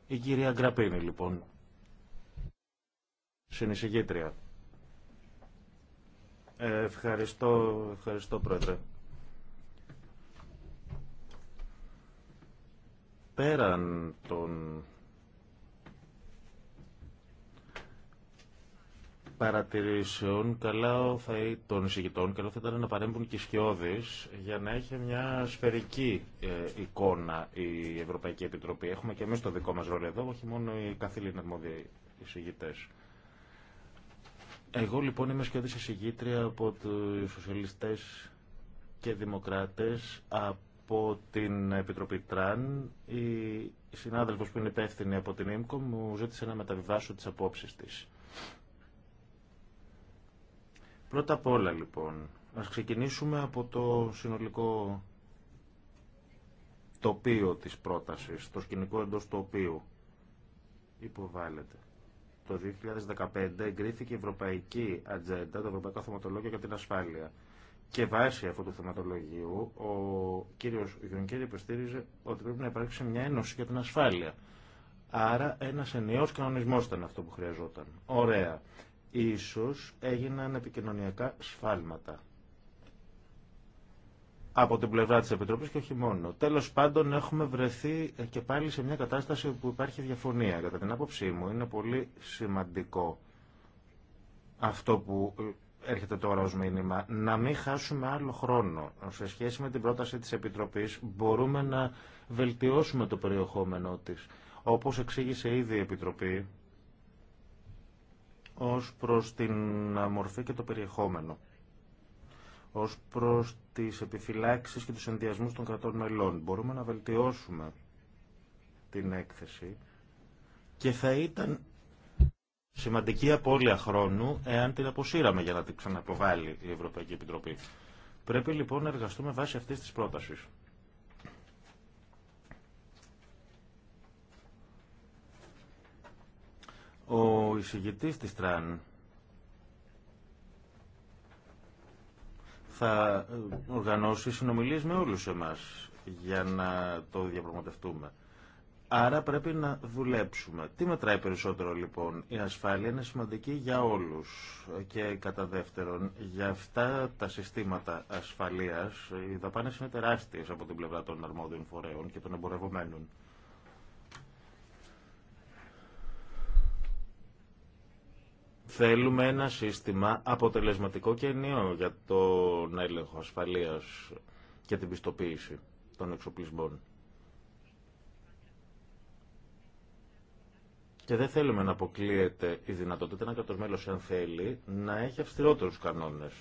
Η κυρία Γκραπίνη λοιπόν. Συνεισηγήτρια. Ε, ευχαριστώ, ευχαριστώ Πρόεδρε. Πέραν των παρατηρήσεων καλά θα, των εισηγητών καλό θα ήταν να παρέμβουν και σκιώδεις για να έχει μια σφαιρική ε, εικόνα η Ευρωπαϊκή Επιτροπή. Έχουμε και εμείς το δικό μας ρόλο εδώ, όχι μόνο οι καθήλυνα αρμόδιοι εισηγητές. Εγώ λοιπόν είμαι σκιώδης εισηγήτρια από τους σοσιαλιστές και δημοκράτες από την Επιτροπή Τραν. Η συνάδελφος που είναι υπεύθυνη από την ΕΜΚΟ μου ζήτησε να μεταβιβάσω τις απόψεις της. Πρώτα απ' όλα λοιπόν, ας ξεκινήσουμε από το συνολικό τοπίο της πρότασης, το σκηνικό εντός του οποίου υποβάλλεται το 2015 εγκρίθηκε η Ευρωπαϊκή Ατζέντα, το Ευρωπαϊκό Θεματολόγιο για την Ασφάλεια. Και βάσει αυτού του θεματολογίου, ο κύριος Γιονκέρ υποστήριζε ότι πρέπει να υπάρξει μια ένωση για την ασφάλεια. Άρα ένας ενιαίος κανονισμός ήταν αυτό που χρειαζόταν. Ωραία. Ίσως έγιναν επικοινωνιακά σφάλματα από την πλευρά της Επιτροπής και όχι μόνο. Τέλος πάντων έχουμε βρεθεί και πάλι σε μια κατάσταση που υπάρχει διαφωνία. Κατά την άποψή μου είναι πολύ σημαντικό αυτό που έρχεται τώρα ως μήνυμα. Να μην χάσουμε άλλο χρόνο. Σε σχέση με την πρόταση της Επιτροπής μπορούμε να βελτιώσουμε το περιεχόμενό της. Όπως εξήγησε ήδη η Επιτροπή ως προς την μορφή και το περιεχόμενο. Ως προς τις επιφυλάξεις και τους ενδιασμούς των κρατών μελών. Μπορούμε να βελτιώσουμε την έκθεση και θα ήταν σημαντική απώλεια χρόνου εάν την αποσύραμε για να την ξαναποβάλει η Ευρωπαϊκή Επιτροπή. Πρέπει λοιπόν να εργαστούμε βάσει αυτής της πρότασης. Ο εισηγητής της ΤΡΑΝ θα οργανώσει συνομιλίε με όλου εμά για να το διαπραγματευτούμε. Άρα πρέπει να δουλέψουμε. Τι μετράει περισσότερο λοιπόν. Η ασφάλεια είναι σημαντική για όλους και κατά δεύτερον για αυτά τα συστήματα ασφαλείας οι δαπάνες είναι τεράστιες από την πλευρά των αρμόδιων φορέων και των εμπορευμένων. Θέλουμε ένα σύστημα αποτελεσματικό και ενίο για τον έλεγχο ασφαλείας και την πιστοποίηση των εξοπλισμών. Και δεν θέλουμε να αποκλείεται η δυνατότητα, να κράτος μέλος, αν θέλει, να έχει αυστηρότερους κανόνες.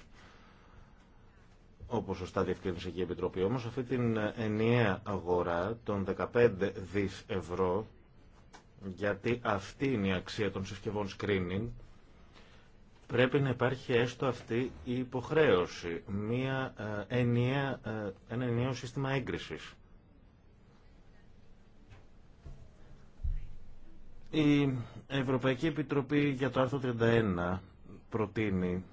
Όπως σωστά διευκρίνησε και η Επιτροπή. Όμως αυτή την ενιαία αγορά των 15 δις ευρώ, γιατί αυτή είναι η αξία των συσκευών screening, πρέπει να υπάρχει έστω αυτή η υποχρέωση, μια, ε, ενιαία, ε, ένα ενιαίο σύστημα έγκρισης. Η Ευρωπαϊκή Επιτροπή για το άρθρο 31 προτείνει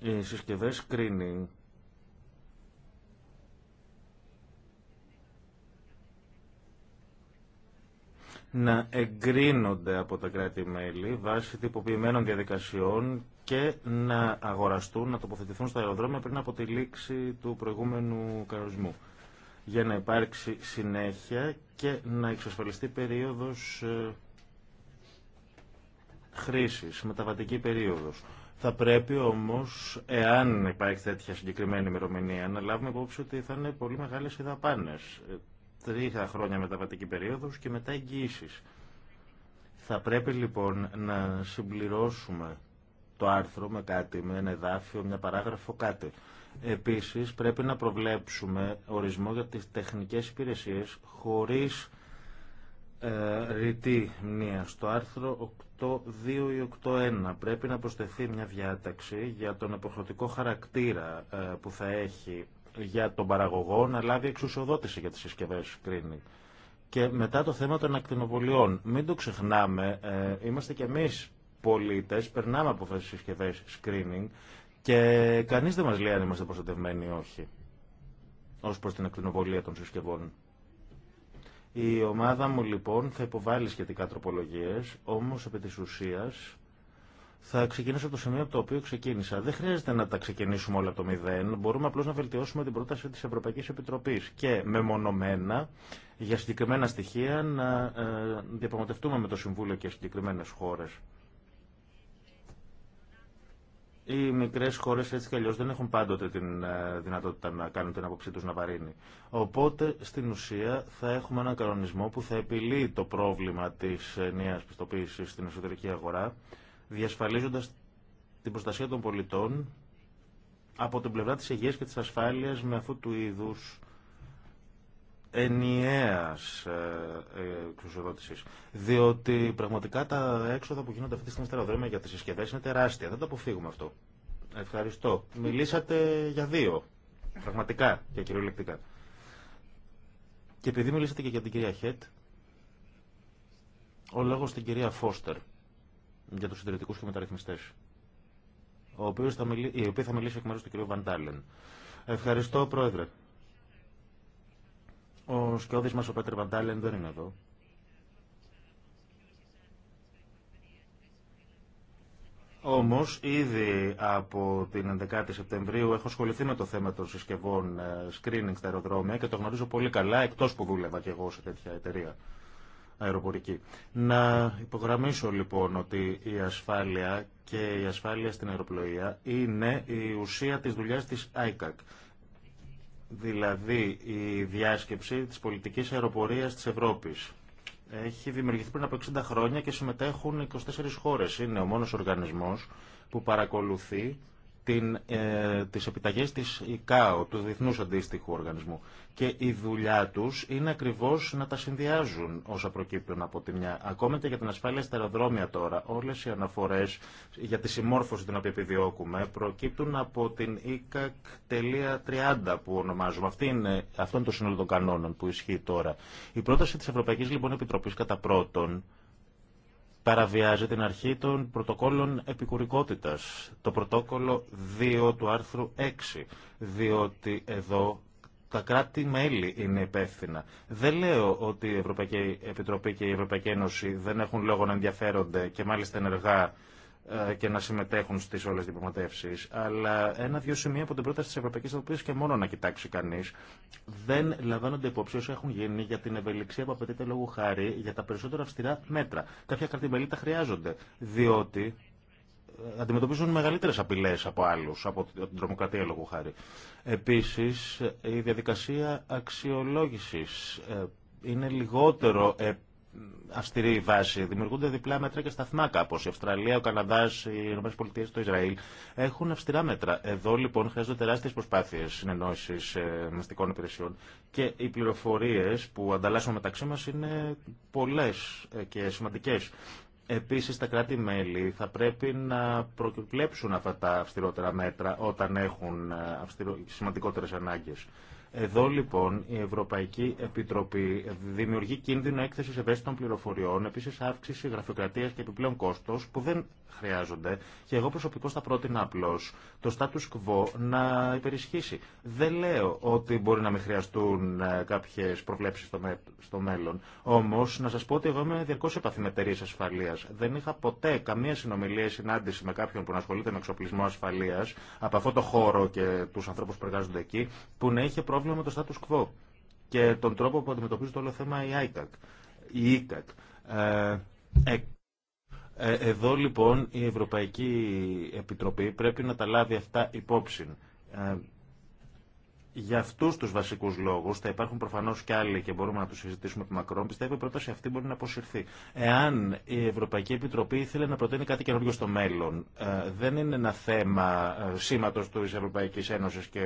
οι συσκευές screening να εγκρίνονται από τα κράτη-μέλη βάσει τυποποιημένων διαδικασιών και να αγοραστούν, να τοποθετηθούν στα αεροδρόμια πριν από τη λήξη του προηγούμενου κανονισμού για να υπάρξει συνέχεια και να εξασφαλιστεί περίοδος ε, χρήσης, μεταβατική περίοδος. Θα πρέπει όμως, εάν υπάρχει τέτοια συγκεκριμένη ημερομηνία, να λάβουμε υπόψη ότι θα είναι πολύ μεγάλες οι δαπάνες. Ε, τρία χρόνια μεταβατική περίοδος και μετά εγγύησει. Θα πρέπει λοιπόν να συμπληρώσουμε το άρθρο με κάτι, με ένα εδάφιο, μια παράγραφο, κάτι. Επίσης πρέπει να προβλέψουμε ορισμό για τις τεχνικές υπηρεσίες χωρίς ε, ρητή μνήμα. Στο άρθρο 8.2 ή 8.1 πρέπει να προσθεθεί μια διάταξη για τον αποχρωτικό χαρακτήρα ε, που θα έχει για τον παραγωγό να λάβει εξουσιοδότηση για τις συσκευέ screening. Και μετά το θέμα των ακτινοβολιών. Μην το ξεχνάμε, ε, είμαστε κι εμείς πολίτες, περνάμε από αυτές τις συσκευές screening και κανείς δεν μας λέει αν είμαστε προστατευμένοι ή όχι ως προς την ακτινοβολία των συσκευών. Η ομάδα μου λοιπόν θα υποβάλει σχετικά τροπολογίες, όμως επί της ουσίας θα ξεκινήσω από το σημείο από το οποίο ξεκίνησα. Δεν χρειάζεται να τα ξεκινήσουμε όλα από το μηδέν. Μπορούμε απλώ να βελτιώσουμε την πρόταση τη Ευρωπαϊκή Επιτροπή και μεμονωμένα για συγκεκριμένα στοιχεία να ε, διαπραγματευτούμε με το Συμβούλιο και συγκεκριμένε χώρε. Οι μικρέ χώρε έτσι κι αλλιώ δεν έχουν πάντοτε την ε, δυνατότητα να κάνουν την άποψή του να βαρύνει. Οπότε στην ουσία θα έχουμε έναν κανονισμό που θα επιλύει το πρόβλημα τη ε, νέα πιστοποίηση στην εσωτερική αγορά διασφαλίζοντας την προστασία των πολιτών από την πλευρά της υγείας και της ασφάλειας με αυτού του είδους ενιαίας ε, ε, εξουσιοδότησης. Διότι πραγματικά τα έξοδα που γίνονται αυτή τη στιγμή στα αεροδρόμια για τις συσκευές είναι τεράστια. Δεν το αποφύγουμε αυτό. Ευχαριστώ. Μιλήσατε για δύο. Πραγματικά και κυριολεκτικά. Και επειδή μιλήσατε και για την κυρία Χέτ, ο λόγος στην κυρία Φώστερ για του συντηρητικού και μεταρρυθμιστές, οι οποίοι θα μιλήσει, η οποία θα μιλήσει εκ μέρου του κ. Βαντάλεν. Ευχαριστώ, Πρόεδρε. Ο σκιώδη μα ο Πέτρε Βαντάλεν, δεν είναι εδώ. Όμω, ήδη από την 11η Σεπτεμβρίου έχω ασχοληθεί με το θέμα των συσκευών ε, screening στα αεροδρόμια και το γνωρίζω πολύ καλά, εκτό που δούλευα και εγώ σε τέτοια εταιρεία αεροπορική. Να υπογραμμίσω λοιπόν ότι η ασφάλεια και η ασφάλεια στην αεροπλοεία είναι η ουσία της δουλειάς της ICAC. Δηλαδή η διάσκεψη της πολιτικής αεροπορίας της Ευρώπης. Έχει δημιουργηθεί πριν από 60 χρόνια και συμμετέχουν 24 χώρες. Είναι ο μόνος οργανισμός που παρακολουθεί την, ε, τις επιταγές της ΙΚΑΟ, του Διεθνούς Αντίστοιχου Οργανισμού. Και η δουλειά τους είναι ακριβώς να τα συνδυάζουν όσα προκύπτουν από τη μια. Ακόμα και για την ασφάλεια στα αεροδρόμια τώρα, όλες οι αναφορές για τη συμμόρφωση την οποία επιδιώκουμε προκύπτουν από την ΙΚΑΚ.30 που ονομάζουμε. Αυτή είναι, αυτό είναι το σύνολο των κανόνων που ισχύει τώρα. Η πρόταση της Ευρωπαϊκής λοιπόν, Επιτροπής κατά πρώτον παραβιάζει την αρχή των πρωτοκόλων επικουρικότητας, το πρωτόκολλο 2 του άρθρου 6, διότι εδώ τα κράτη-μέλη είναι υπεύθυνα. Δεν λέω ότι η Ευρωπαϊκή Επιτροπή και η Ευρωπαϊκή Ένωση δεν έχουν λόγο να ενδιαφέρονται και μάλιστα ενεργά ε, και να συμμετέχουν στι όλε τι διαπραγματεύσει. Αλλά ένα-δυο σημεία από την πρόταση τη Ευρωπαϊκή Επιτροπή και μόνο να κοιτάξει κανεί. Δεν λαμβάνονται υπόψη όσο έχουν γίνει για την ευελιξία που απαιτείται λόγου χάρη για τα περισσότερα αυστηρά μέτρα. Κάποια κρατημελή τα χρειάζονται. Διότι ε, αντιμετωπίζουν μεγαλύτερε απειλέ από άλλου, από την τρομοκρατία λόγου χάρη. Επίση, η διαδικασία αξιολόγηση ε, είναι λιγότερο αυστηρή βάση. Δημιουργούνται διπλά μέτρα και σταθμά κάπω. Η Αυστραλία, ο Καναδά, οι ΗΠΑ, το Ισραήλ έχουν αυστηρά μέτρα. Εδώ λοιπόν χρειάζονται τεράστιε προσπάθειε συνεννόηση ε, μυστικών υπηρεσιών και οι πληροφορίε που ανταλλάσσουμε μεταξύ μα είναι πολλέ ε, και σημαντικέ. Επίση, τα κράτη-μέλη θα πρέπει να προκυπλέψουν αυτά τα αυστηρότερα μέτρα όταν έχουν ε, σημαντικότερε ανάγκε. Εδώ λοιπόν η Ευρωπαϊκή Επιτροπή δημιουργεί κίνδυνο έκθεση ευαίσθητων πληροφοριών, επίση αύξηση γραφειοκρατία και επιπλέον κόστο που δεν χρειάζονται. Και εγώ προσωπικώ θα πρότεινα απλώ το status quo να υπερισχύσει. Δεν λέω ότι μπορεί να μην χρειαστούν ε, κάποιε προβλέψει στο, μέλλον. Όμω, να σα πω ότι εγώ είμαι διαρκώ επαφή με εταιρείε ασφαλεία. Δεν είχα ποτέ καμία συνομιλία ή συνάντηση με κάποιον που να ασχολείται με εξοπλισμό ασφαλεία από αυτό το χώρο και του ανθρώπου που εργάζονται εκεί που να είχε πρόβλημα με το status quo και τον τρόπο που αντιμετωπίζει το όλο θέμα η ICAC. Η ICAC. E ε, ε, εδώ λοιπόν η Ευρωπαϊκή Επιτροπή πρέπει να τα λάβει αυτά υπόψη. Ε, για αυτού του βασικού λόγου, θα υπάρχουν προφανώ και άλλοι και μπορούμε να του συζητήσουμε από μακρόν, πιστεύω η πρόταση αυτή μπορεί να αποσυρθεί. Εάν η Ευρωπαϊκή Επιτροπή ήθελε να προτείνει κάτι καινούργιο στο μέλλον, ε, δεν είναι ένα θέμα σήματο τη Ευρωπαϊκή Ένωση και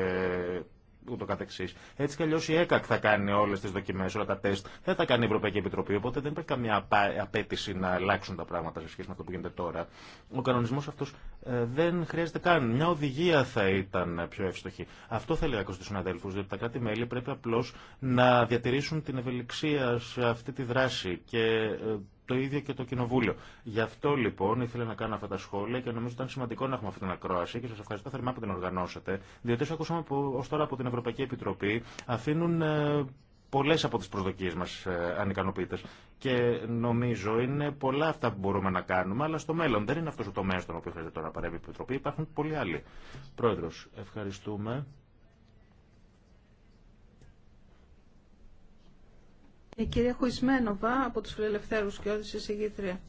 ούτω καθεξή. Έτσι κι αλλιώ η ΕΚΑΚ θα κάνει όλε τι δοκιμέ, όλα τα τεστ, δεν θα κάνει η Ευρωπαϊκή Επιτροπή, οπότε δεν υπάρχει καμία απέτηση να αλλάξουν τα πράγματα σε σχέση με αυτό που γίνεται τώρα. Ο κανονισμός ε, δεν χρειάζεται καν. Μια οδηγία θα ήταν πιο εύστοχη. Αυτό θα έλεγα στου συναδέλφου, διότι τα κράτη-μέλη πρέπει απλώ να διατηρήσουν την ευελιξία σε αυτή τη δράση και ε, το ίδιο και το Κοινοβούλιο. Γι' αυτό λοιπόν ήθελα να κάνω αυτά τα σχόλια και νομίζω ήταν σημαντικό να έχουμε αυτή την ακρόαση και σα ευχαριστώ θερμά που την οργανώσατε, διότι όσο ακούσαμε ω τώρα από την Ευρωπαϊκή Επιτροπή αφήνουν ε, πολλέ από τι προσδοκίε μα ε, ανικανοποιητέ. Και νομίζω είναι πολλά αυτά που μπορούμε να κάνουμε, αλλά στο μέλλον δεν είναι αυτό ο τομέα στον οποίο χρειάζεται τώρα να παρέμβει η Επιτροπή, υπάρχουν πολλοί άλλοι. Πρόεδρο, ευχαριστούμε. Η ε, κυρία Χουισμένοβα από τους Φιλελευθέρους και όλες εισηγήτρια.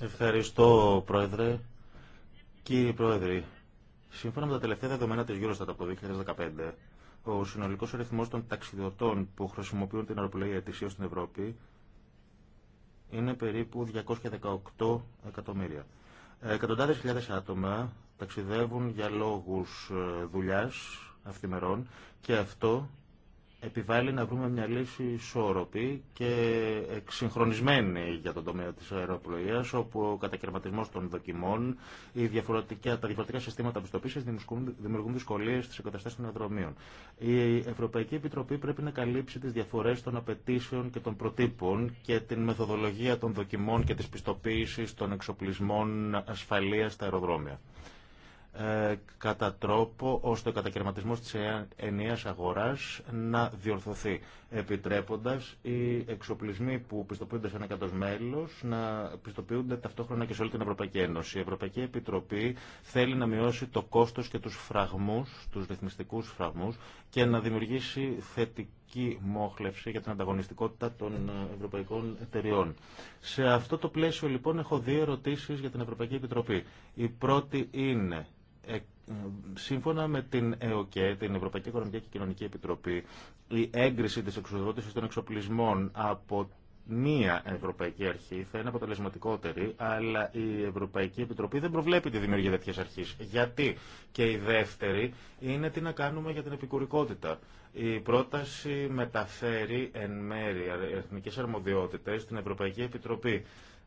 Ευχαριστώ, Πρόεδρε. Κύριε Πρόεδρε, σύμφωνα με τα τελευταία δεδομένα της Eurostat από το 2015, ο συνολικός αριθμός των ταξιδιωτών που χρησιμοποιούν την αεροπλοεία ετησίως στην Ευρώπη είναι περίπου 218 εκατομμύρια. Εκατοντάδες χιλιάδες άτομα ταξιδεύουν για λόγους ε, δουλειάς, αυθημερών, και αυτό επιβάλλει να βρούμε μια λύση ισόρροπη και εξυγχρονισμένη για τον τομέα της αεροπλοείας, όπου ο κατακαιρματισμός των δοκιμών, διαφορετικά, τα διαφορετικά συστήματα πιστοποίησης δημιουργούν, δημιουργούν δυσκολίες στις εγκαταστάσεις των αεροδρομίων. Η Ευρωπαϊκή Επιτροπή πρέπει να καλύψει τις διαφορές των απαιτήσεων και των προτύπων και την μεθοδολογία των δοκιμών και της πιστοποίησης των εξοπλισμών ασφαλείας στα αεροδρόμια. Ε, κατά τρόπο ώστε ο κατακαιρματισμός της ενιαίας αγοράς να διορθωθεί, επιτρέποντας οι εξοπλισμοί που πιστοποιούνται σε ένα κατός μέλος να πιστοποιούνται ταυτόχρονα και σε όλη την Ευρωπαϊκή Ένωση. Η Ευρωπαϊκή Επιτροπή θέλει να μειώσει το κόστος και τους φραγμούς, τους ρυθμιστικούς φραγμούς και να δημιουργήσει θετική μόχλευση για την ανταγωνιστικότητα των ευρωπαϊκών εταιριών. Σε αυτό το πλαίσιο λοιπόν έχω δύο ερωτήσεις για την Ευρωπαϊκή Επιτροπή. Η πρώτη είναι ε, σύμφωνα με την ΕΟΚΕ, την Ευρωπαϊκή Οικονομική και Κοινωνική Επιτροπή, η έγκριση της εξοδότησης των εξοπλισμών από μία Ευρωπαϊκή Αρχή θα είναι αποτελεσματικότερη, αλλά η Ευρωπαϊκή Επιτροπή δεν προβλέπει τη δημιουργία τέτοια αρχή. Γιατί και η δεύτερη είναι τι να κάνουμε για την επικουρικότητα. Η πρόταση μεταφέρει εν μέρη εθνικέ αρμοδιότητε στην Ευρωπαϊκή Επιτροπή.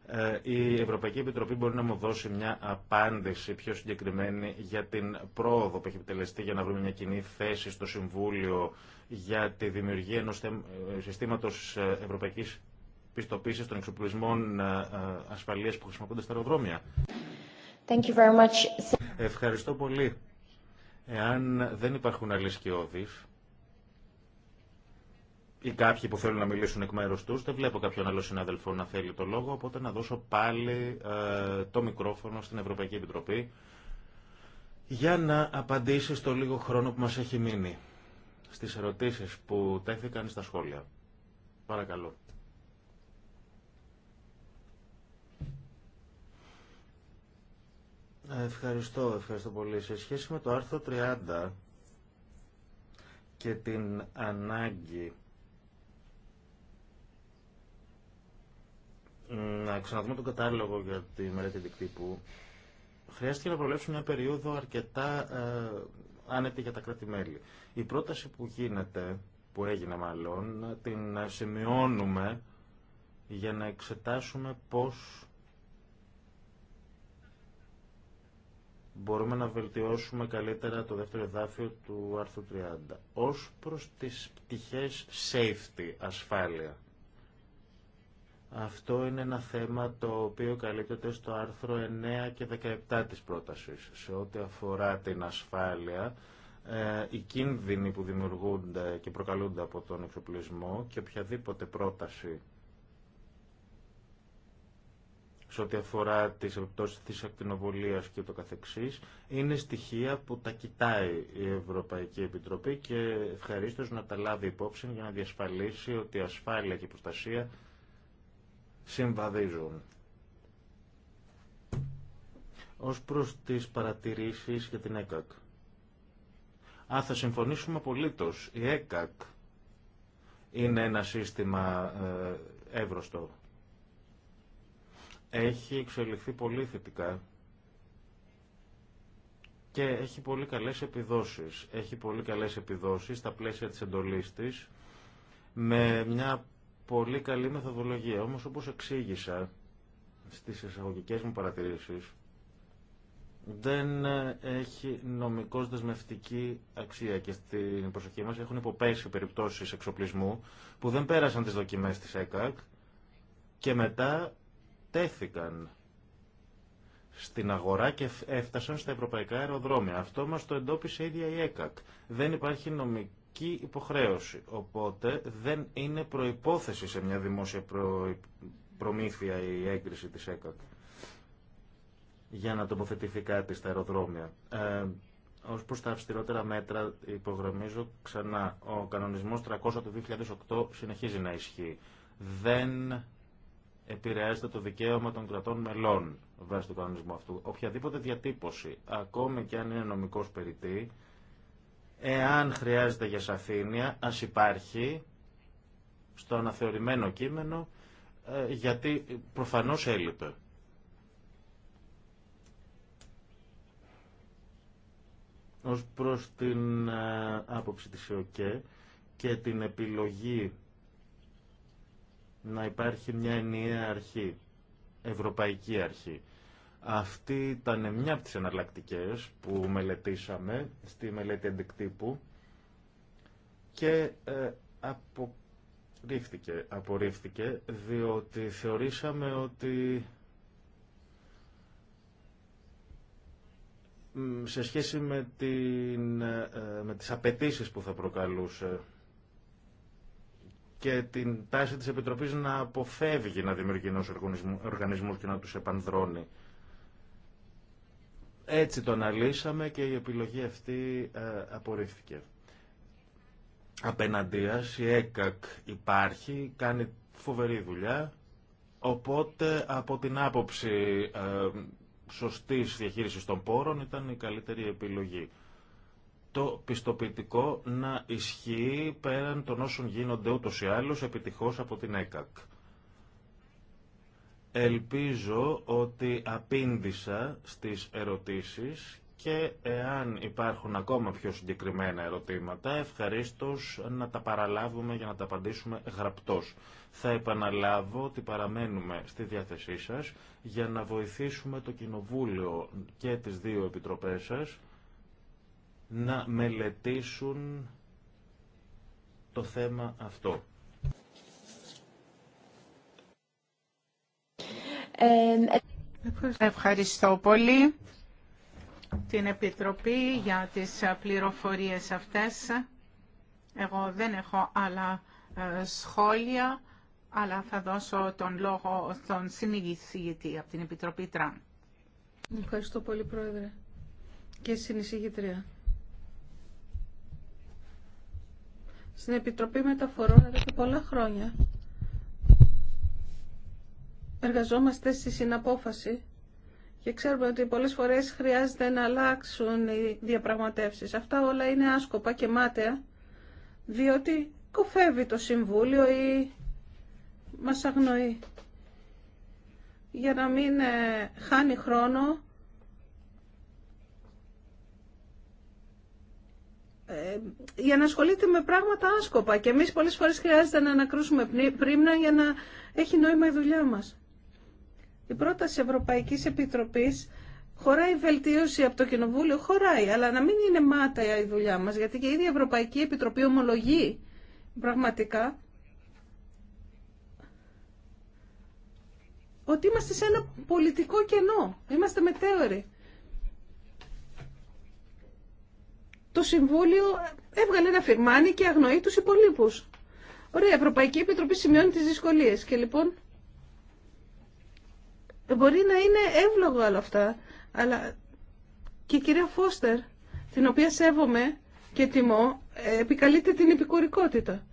Ε, η Ευρωπαϊκή Επιτροπή μπορεί να μου δώσει μια απάντηση πιο συγκεκριμένη για την πρόοδο που έχει επιτελεστεί για να βρούμε μια κοινή θέση στο Συμβούλιο για τη δημιουργία ενός ε, συστήματος ε, ευρωπαϊκής πιστοποίησης των εξοπλισμών ασφαλείας που χρησιμοποιούνται στα αεροδρόμια. Thank you very much. Ευχαριστώ πολύ. Εάν δεν υπάρχουν άλλες ή κάποιοι που θέλουν να μιλήσουν εκ μέρους του. Δεν βλέπω κάποιον άλλο συνάδελφο να θέλει το λόγο, οπότε να δώσω πάλι ε, το μικρόφωνο στην Ευρωπαϊκή Επιτροπή για να απαντήσει στο λίγο χρόνο που μας έχει μείνει στις ερωτήσεις που τέθηκαν στα σχόλια. Παρακαλώ. Ευχαριστώ, ευχαριστώ πολύ. Σε σχέση με το άρθρο 30 και την ανάγκη να ξαναδούμε τον κατάλογο για τη μελέτη δικτύπου, χρειάστηκε να προβλέψουμε μια περίοδο αρκετά ε, άνετη για τα κράτη-μέλη. Η πρόταση που γίνεται, που έγινε μάλλον, την σημειώνουμε για να εξετάσουμε πώς μπορούμε να βελτιώσουμε καλύτερα το δεύτερο εδάφιο του άρθρου 30. Ως προς τις πτυχές safety, ασφάλεια. Αυτό είναι ένα θέμα το οποίο καλύπτεται στο άρθρο 9 και 17 της πρότασης. Σε ό,τι αφορά την ασφάλεια, ε, οι κίνδυνοι που δημιουργούνται και προκαλούνται από τον εξοπλισμό και οποιαδήποτε πρόταση σε ό,τι αφορά τις επιπτώσεις της ακτινοβολίας και το καθεξής, είναι στοιχεία που τα κοιτάει η Ευρωπαϊκή Επιτροπή και ευχαρίστως να τα λάβει υπόψη για να διασφαλίσει ότι η ασφάλεια και η προστασία συμβαδίζουν. Ως προς τις παρατηρήσεις για την ΕΚΑΚ. Α, θα συμφωνήσουμε απολύτως. Η ΕΚΑΚ είναι ένα σύστημα ε, εύρωστο. Έχει εξελιχθεί πολύ θετικά και έχει πολύ καλές επιδόσεις. Έχει πολύ καλές επιδόσεις στα πλαίσια της εντολής της με μια πολύ καλή μεθοδολογία. Όμως όπως εξήγησα στις εισαγωγικές μου παρατηρήσεις, δεν ε, έχει νομικώς δεσμευτική αξία και στην προσοχή μας έχουν υποπέσει περιπτώσεις εξοπλισμού που δεν πέρασαν τις δοκιμές της ΕΚΑΚ και μετά τέθηκαν στην αγορά και έφτασαν στα ευρωπαϊκά αεροδρόμια. Αυτό μας το εντόπισε η ίδια η ΕΚΑΚ. Δεν υπάρχει νομική κοινωνική υποχρέωση. Οπότε δεν είναι προϋπόθεση σε μια δημόσια προμήθεια η έγκριση της ΕΚΑΤ για να τοποθετηθεί κάτι στα αεροδρόμια. Ε, Ω προ τα αυστηρότερα μέτρα, υπογραμμίζω ξανά, ο κανονισμός 300 του 2008 συνεχίζει να ισχύει. Δεν επηρεάζεται το δικαίωμα των κρατών μελών βάσει του κανονισμού αυτού. Οποιαδήποτε διατύπωση, ακόμη και αν είναι νομικός περιττή, Εάν χρειάζεται για σαφήνεια, ας υπάρχει στο αναθεωρημένο κείμενο, ε, γιατί προφανώς έλειπε. Ως προς την ε, άποψη της ΕΟΚΕ και την επιλογή να υπάρχει μια ενιαία αρχή, ευρωπαϊκή αρχή, αυτή ήταν μια από τις εναλλακτικές που μελετήσαμε στη μελέτη αντικτύπου και ε, απορρίφθηκε, απορρίφθηκε διότι θεωρήσαμε ότι σε σχέση με, την, ε, με τις απαιτήσει που θα προκαλούσε και την τάση της Επιτροπής να αποφεύγει να δημιουργεί νέους οργανισμούς και να τους επανδρώνει έτσι το αναλύσαμε και η επιλογή αυτή ε, απορρίφθηκε. Απέναντίας η ΕΚΑΚ υπάρχει, κάνει φοβερή δουλειά, οπότε από την άποψη ε, σωστής διαχείρισης των πόρων ήταν η καλύτερη επιλογή το πιστοποιητικό να ισχύει πέραν των όσων γίνονται ούτως ή άλλως επιτυχώς από την ΕΚΑΚ. Ελπίζω ότι απήντησα στις ερωτήσεις και εάν υπάρχουν ακόμα πιο συγκεκριμένα ερωτήματα, ευχαρίστως να τα παραλάβουμε για να τα απαντήσουμε γραπτός. Θα επαναλάβω ότι παραμένουμε στη διάθεσή σας για να βοηθήσουμε το Κοινοβούλιο και τις δύο επιτροπές σας να μελετήσουν το θέμα αυτό. Ε, Ευχαριστώ πολύ την Επιτροπή για τις ε, πληροφορίες αυτές. Εγώ δεν έχω άλλα ε, σχόλια, αλλά θα δώσω τον λόγο στον συνηγητή από την Επιτροπή Τραν. Ευχαριστώ πολύ, Πρόεδρε. Και συνεισηγητρία. Στην Επιτροπή Μεταφορών εδώ και πολλά χρόνια εργαζόμαστε στη συναπόφαση και ξέρουμε ότι πολλές φορές χρειάζεται να αλλάξουν οι διαπραγματεύσεις. Αυτά όλα είναι άσκοπα και μάταια, διότι κοφεύει το Συμβούλιο ή μας αγνοεί. Για να μην ε, χάνει χρόνο, ε, για να ασχολείται με πράγματα άσκοπα και εμείς πολλές φορές χρειάζεται να ανακρούσουμε πρίμνα για να έχει νόημα η δουλειά μας. Η πρόταση Ευρωπαϊκής Επιτροπής χωράει βελτίωση από το Κοινοβούλιο, χωράει, αλλά να μην είναι μάταια η δουλειά μα γιατί και η ίδια Ευρωπαϊκή Επιτροπή ομολογεί πραγματικά ότι είμαστε σε ένα πολιτικό κενό, είμαστε μετέωροι. Το Συμβούλιο έβγαλε ένα φιρμάνι και αγνοεί τους υπολείπους. Ωραία, η Ευρωπαϊκή Επιτροπή σημειώνει τις δυσκολίες και λοιπόν Μπορεί να είναι εύλογο όλα αυτά, αλλά και η κυρία Φώστερ, την οποία σέβομαι και τιμώ, ε, επικαλείται την επικουρικότητα.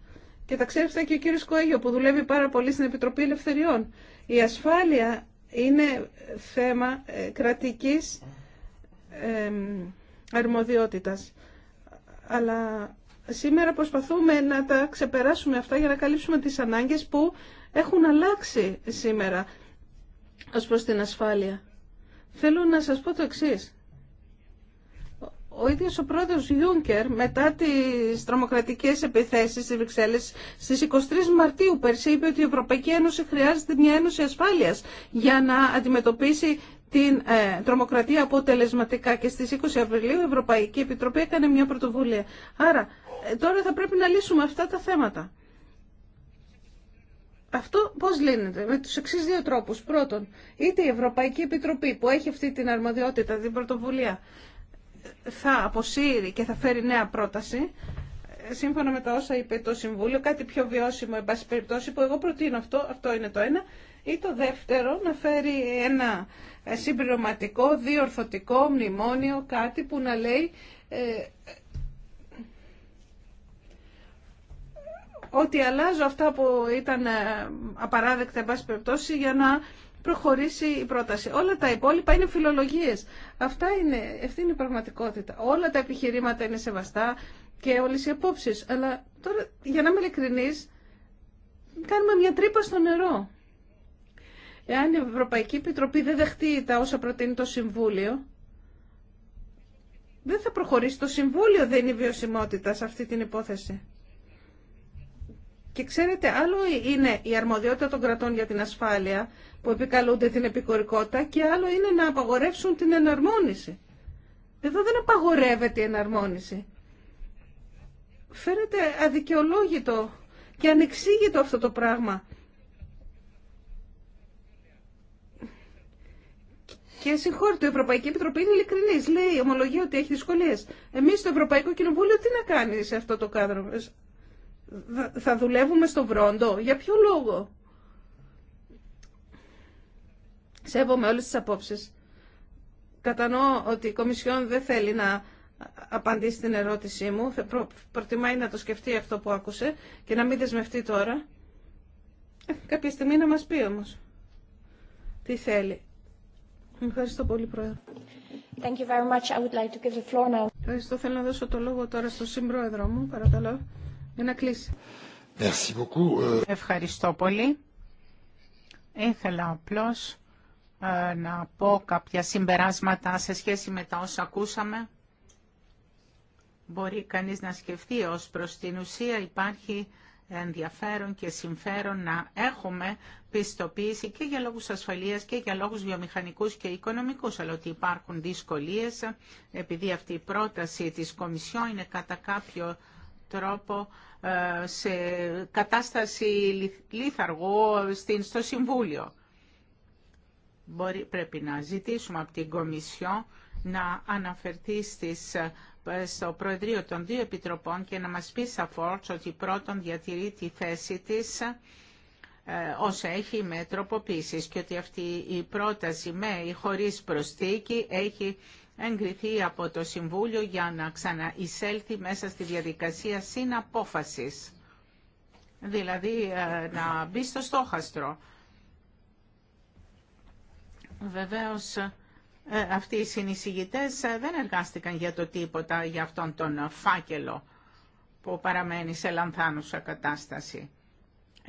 Και τα ξέρει αυτά και ο κύριος Κοέγιο που δουλεύει πάρα πολύ στην Επιτροπή Ελευθεριών. Η ασφάλεια είναι θέμα ε, κρατικής αρμοδιότητας. Αλλά σήμερα προσπαθούμε να τα ξεπεράσουμε αυτά για να καλύψουμε τις ανάγκες που έχουν αλλάξει σήμερα ως προς την ασφάλεια. Θέλω να σας πω το εξή. Ο ίδιος ο πρόεδρος Γιούνκερ μετά τις τρομοκρατικές επιθέσεις στις Βρυξέλλες στις 23 Μαρτίου πέρσι είπε ότι η Ευρωπαϊκή Ένωση χρειάζεται μια ένωση ασφάλειας για να αντιμετωπίσει την ε, τρομοκρατία αποτελεσματικά και στις 20 Απριλίου η Ευρωπαϊκή Επιτροπή έκανε μια πρωτοβουλία. Άρα ε, τώρα θα πρέπει να λύσουμε αυτά τα θέματα. Αυτό πώς λύνεται, με τους εξής δύο τρόπους. Πρώτον, είτε η Ευρωπαϊκή Επιτροπή που έχει αυτή την αρμοδιότητα, την πρωτοβουλία, θα αποσύρει και θα φέρει νέα πρόταση, ε, σύμφωνα με τα όσα είπε το Συμβούλιο, κάτι πιο βιώσιμο, εν πάση περιπτώσει, που εγώ προτείνω αυτό, αυτό είναι το ένα, ή το δεύτερο, να φέρει ένα ε, συμπληρωματικό, διορθωτικό μνημόνιο, κάτι που να λέει ε, ότι αλλάζω αυτά που ήταν ε, απαράδεκτα, εν πάση για να προχωρήσει η πρόταση. Όλα τα υπόλοιπα είναι φιλολογίες. Αυτά είναι, αυτή είναι η πραγματικότητα. Όλα τα επιχειρήματα είναι σεβαστά και όλε οι απόψει. Αλλά τώρα, για να είμαι ειλικρινή, κάνουμε μια τρύπα στο νερό. Εάν η Ευρωπαϊκή Επιτροπή δεν δεχτεί τα όσα προτείνει το Συμβούλιο, δεν θα προχωρήσει το Συμβούλιο, δεν είναι βιωσιμότητα σε αυτή την υπόθεση. Και ξέρετε, άλλο είναι η αρμοδιότητα των κρατών για την ασφάλεια που επικαλούνται την επικορικότητα και άλλο είναι να απαγορεύσουν την εναρμόνιση. Εδώ δεν απαγορεύεται η εναρμόνιση. Φαίνεται αδικαιολόγητο και ανεξήγητο αυτό το πράγμα. Και συγχώρητο, η Ευρωπαϊκή Επιτροπή είναι ειλικρινή. Λέει, ομολογεί ότι έχει δυσκολίε. Εμεί στο Ευρωπαϊκό Κοινοβούλιο τι να κάνει σε αυτό το κάδρο θα δουλεύουμε στο βρόντο. Για ποιο λόγο. Σέβομαι όλες τις απόψεις. Κατανοώ ότι η Κομισιόν δεν θέλει να απαντήσει την ερώτησή μου. Προτιμάει να το σκεφτεί αυτό που άκουσε και να μην δεσμευτεί τώρα. Ε, κάποια στιγμή να μας πει όμως τι θέλει. Ευχαριστώ πολύ, Πρόεδρε. Ευχαριστώ. Θέλω να δώσω το λόγο τώρα στον Σύμπροεδρο μου, παρακαλώ. Euh. Ευχαριστώ πολύ. Ήθελα απλώς ε, να πω κάποια συμπεράσματα σε σχέση με τα όσα ακούσαμε. Μπορεί κανείς να σκεφτεί ως προς την ουσία υπάρχει ενδιαφέρον και συμφέρον να έχουμε πιστοποίηση και για λόγους ασφαλείας και για λόγους βιομηχανικούς και οικονομικούς, αλλά ότι υπάρχουν δυσκολίες επειδή αυτή η πρόταση της Κομισιόν είναι κατά κάποιο τρόπο ε, σε κατάσταση λίθαργο στο Συμβούλιο. Μπορεί, πρέπει να ζητήσουμε από την Κομισιό να αναφερθεί στις, ε, στο Προεδρείο των δύο Επιτροπών και να μας πει σαφώς ότι πρώτον διατηρεί τη θέση της όσα ε, έχει με τροποποίησεις και ότι αυτή η πρόταση με ή χωρίς προστίκη έχει εγκριθεί από το Συμβούλιο για να ξαναεισέλθει μέσα στη διαδικασία συναπόφασης. Δηλαδή ε, να μπει στο στόχαστρο. Βεβαίως ε, αυτοί οι συνεισηγητές ε, δεν εργάστηκαν για το τίποτα για αυτόν τον φάκελο που παραμένει σε λανθάνουσα κατάσταση.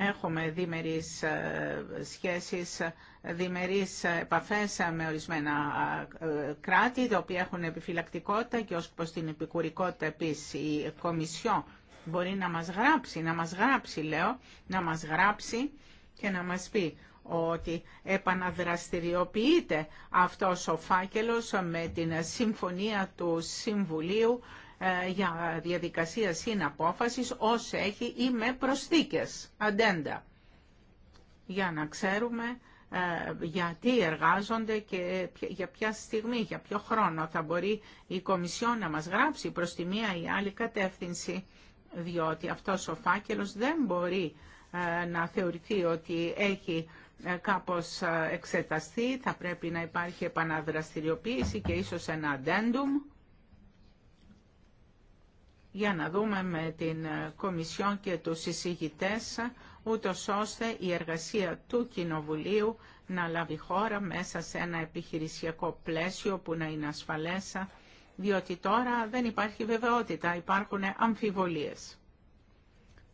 Έχουμε διμερείς ε, σχέσεις, διμερείς επαφές ε, με ορισμένα ε, κράτη, τα οποία έχουν επιφυλακτικότητα και ως προς την επικουρικότητα επίσης η Κομισιό μπορεί να μας γράψει, να μας γράψει λέω, να μας γράψει και να μας πει ότι επαναδραστηριοποιείται αυτός ο φάκελος με την συμφωνία του Συμβουλίου ε, για διαδικασία συναπόφασης όσο έχει ή με προσθήκες, αντέντα, για να ξέρουμε ε, γιατί εργάζονται και για ποια στιγμή, για ποιο χρόνο θα μπορεί η Κομισιόν να μας γράψει προς τη μία ή άλλη κατεύθυνση, διότι αυτός ο φάκελος δεν μπορεί ε, να θεωρηθεί ότι έχει κάπως εξεταστεί, θα πρέπει να υπάρχει επαναδραστηριοποίηση και ίσως ένα αντέντουμ για να δούμε με την ε, Κομισιόν και τους εισηγητές, ούτω ώστε η εργασία του Κοινοβουλίου να λάβει χώρα μέσα σε ένα επιχειρησιακό πλαίσιο που να είναι ασφαλές, διότι τώρα δεν υπάρχει βεβαιότητα, υπάρχουν αμφιβολίες.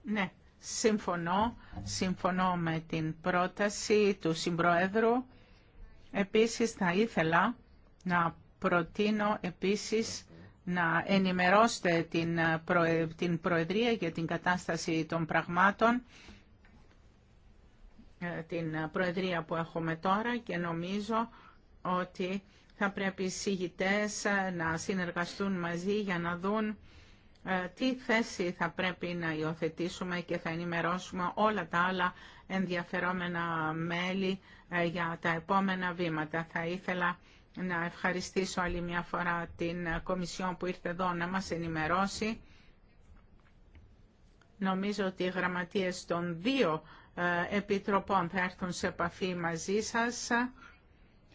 Ναι, συμφωνώ, συμφωνώ με την πρόταση του Συμπροέδρου. Επίσης θα ήθελα να προτείνω επίσης να ενημερώστε την, την Προεδρία για την κατάσταση των πραγμάτων, ε, την Προεδρία που έχουμε τώρα και νομίζω ότι θα πρέπει οι συγητές ε, να συνεργαστούν μαζί για να δουν ε, τι θέση θα πρέπει να υιοθετήσουμε και θα ενημερώσουμε όλα τα άλλα ενδιαφερόμενα μέλη για τα επόμενα βήματα. Θα ήθελα να ευχαριστήσω άλλη μια φορά την Κομισιόν που ήρθε εδώ να μας ενημερώσει. Νομίζω ότι οι γραμματείες των δύο ε, επιτροπών θα έρθουν σε επαφή μαζί σας.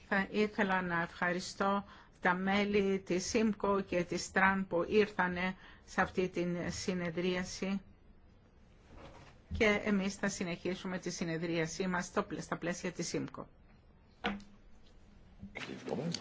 Θα ήθελα να ευχαριστώ τα μέλη της ΣΥΜΚΟ και της ΤΡΑΝ που ήρθανε σε αυτή την συνεδρίαση και εμείς θα συνεχίσουμε τη συνεδρίασή μας στα πλαίσια της ΣΥΜΚΟ. Κρύβει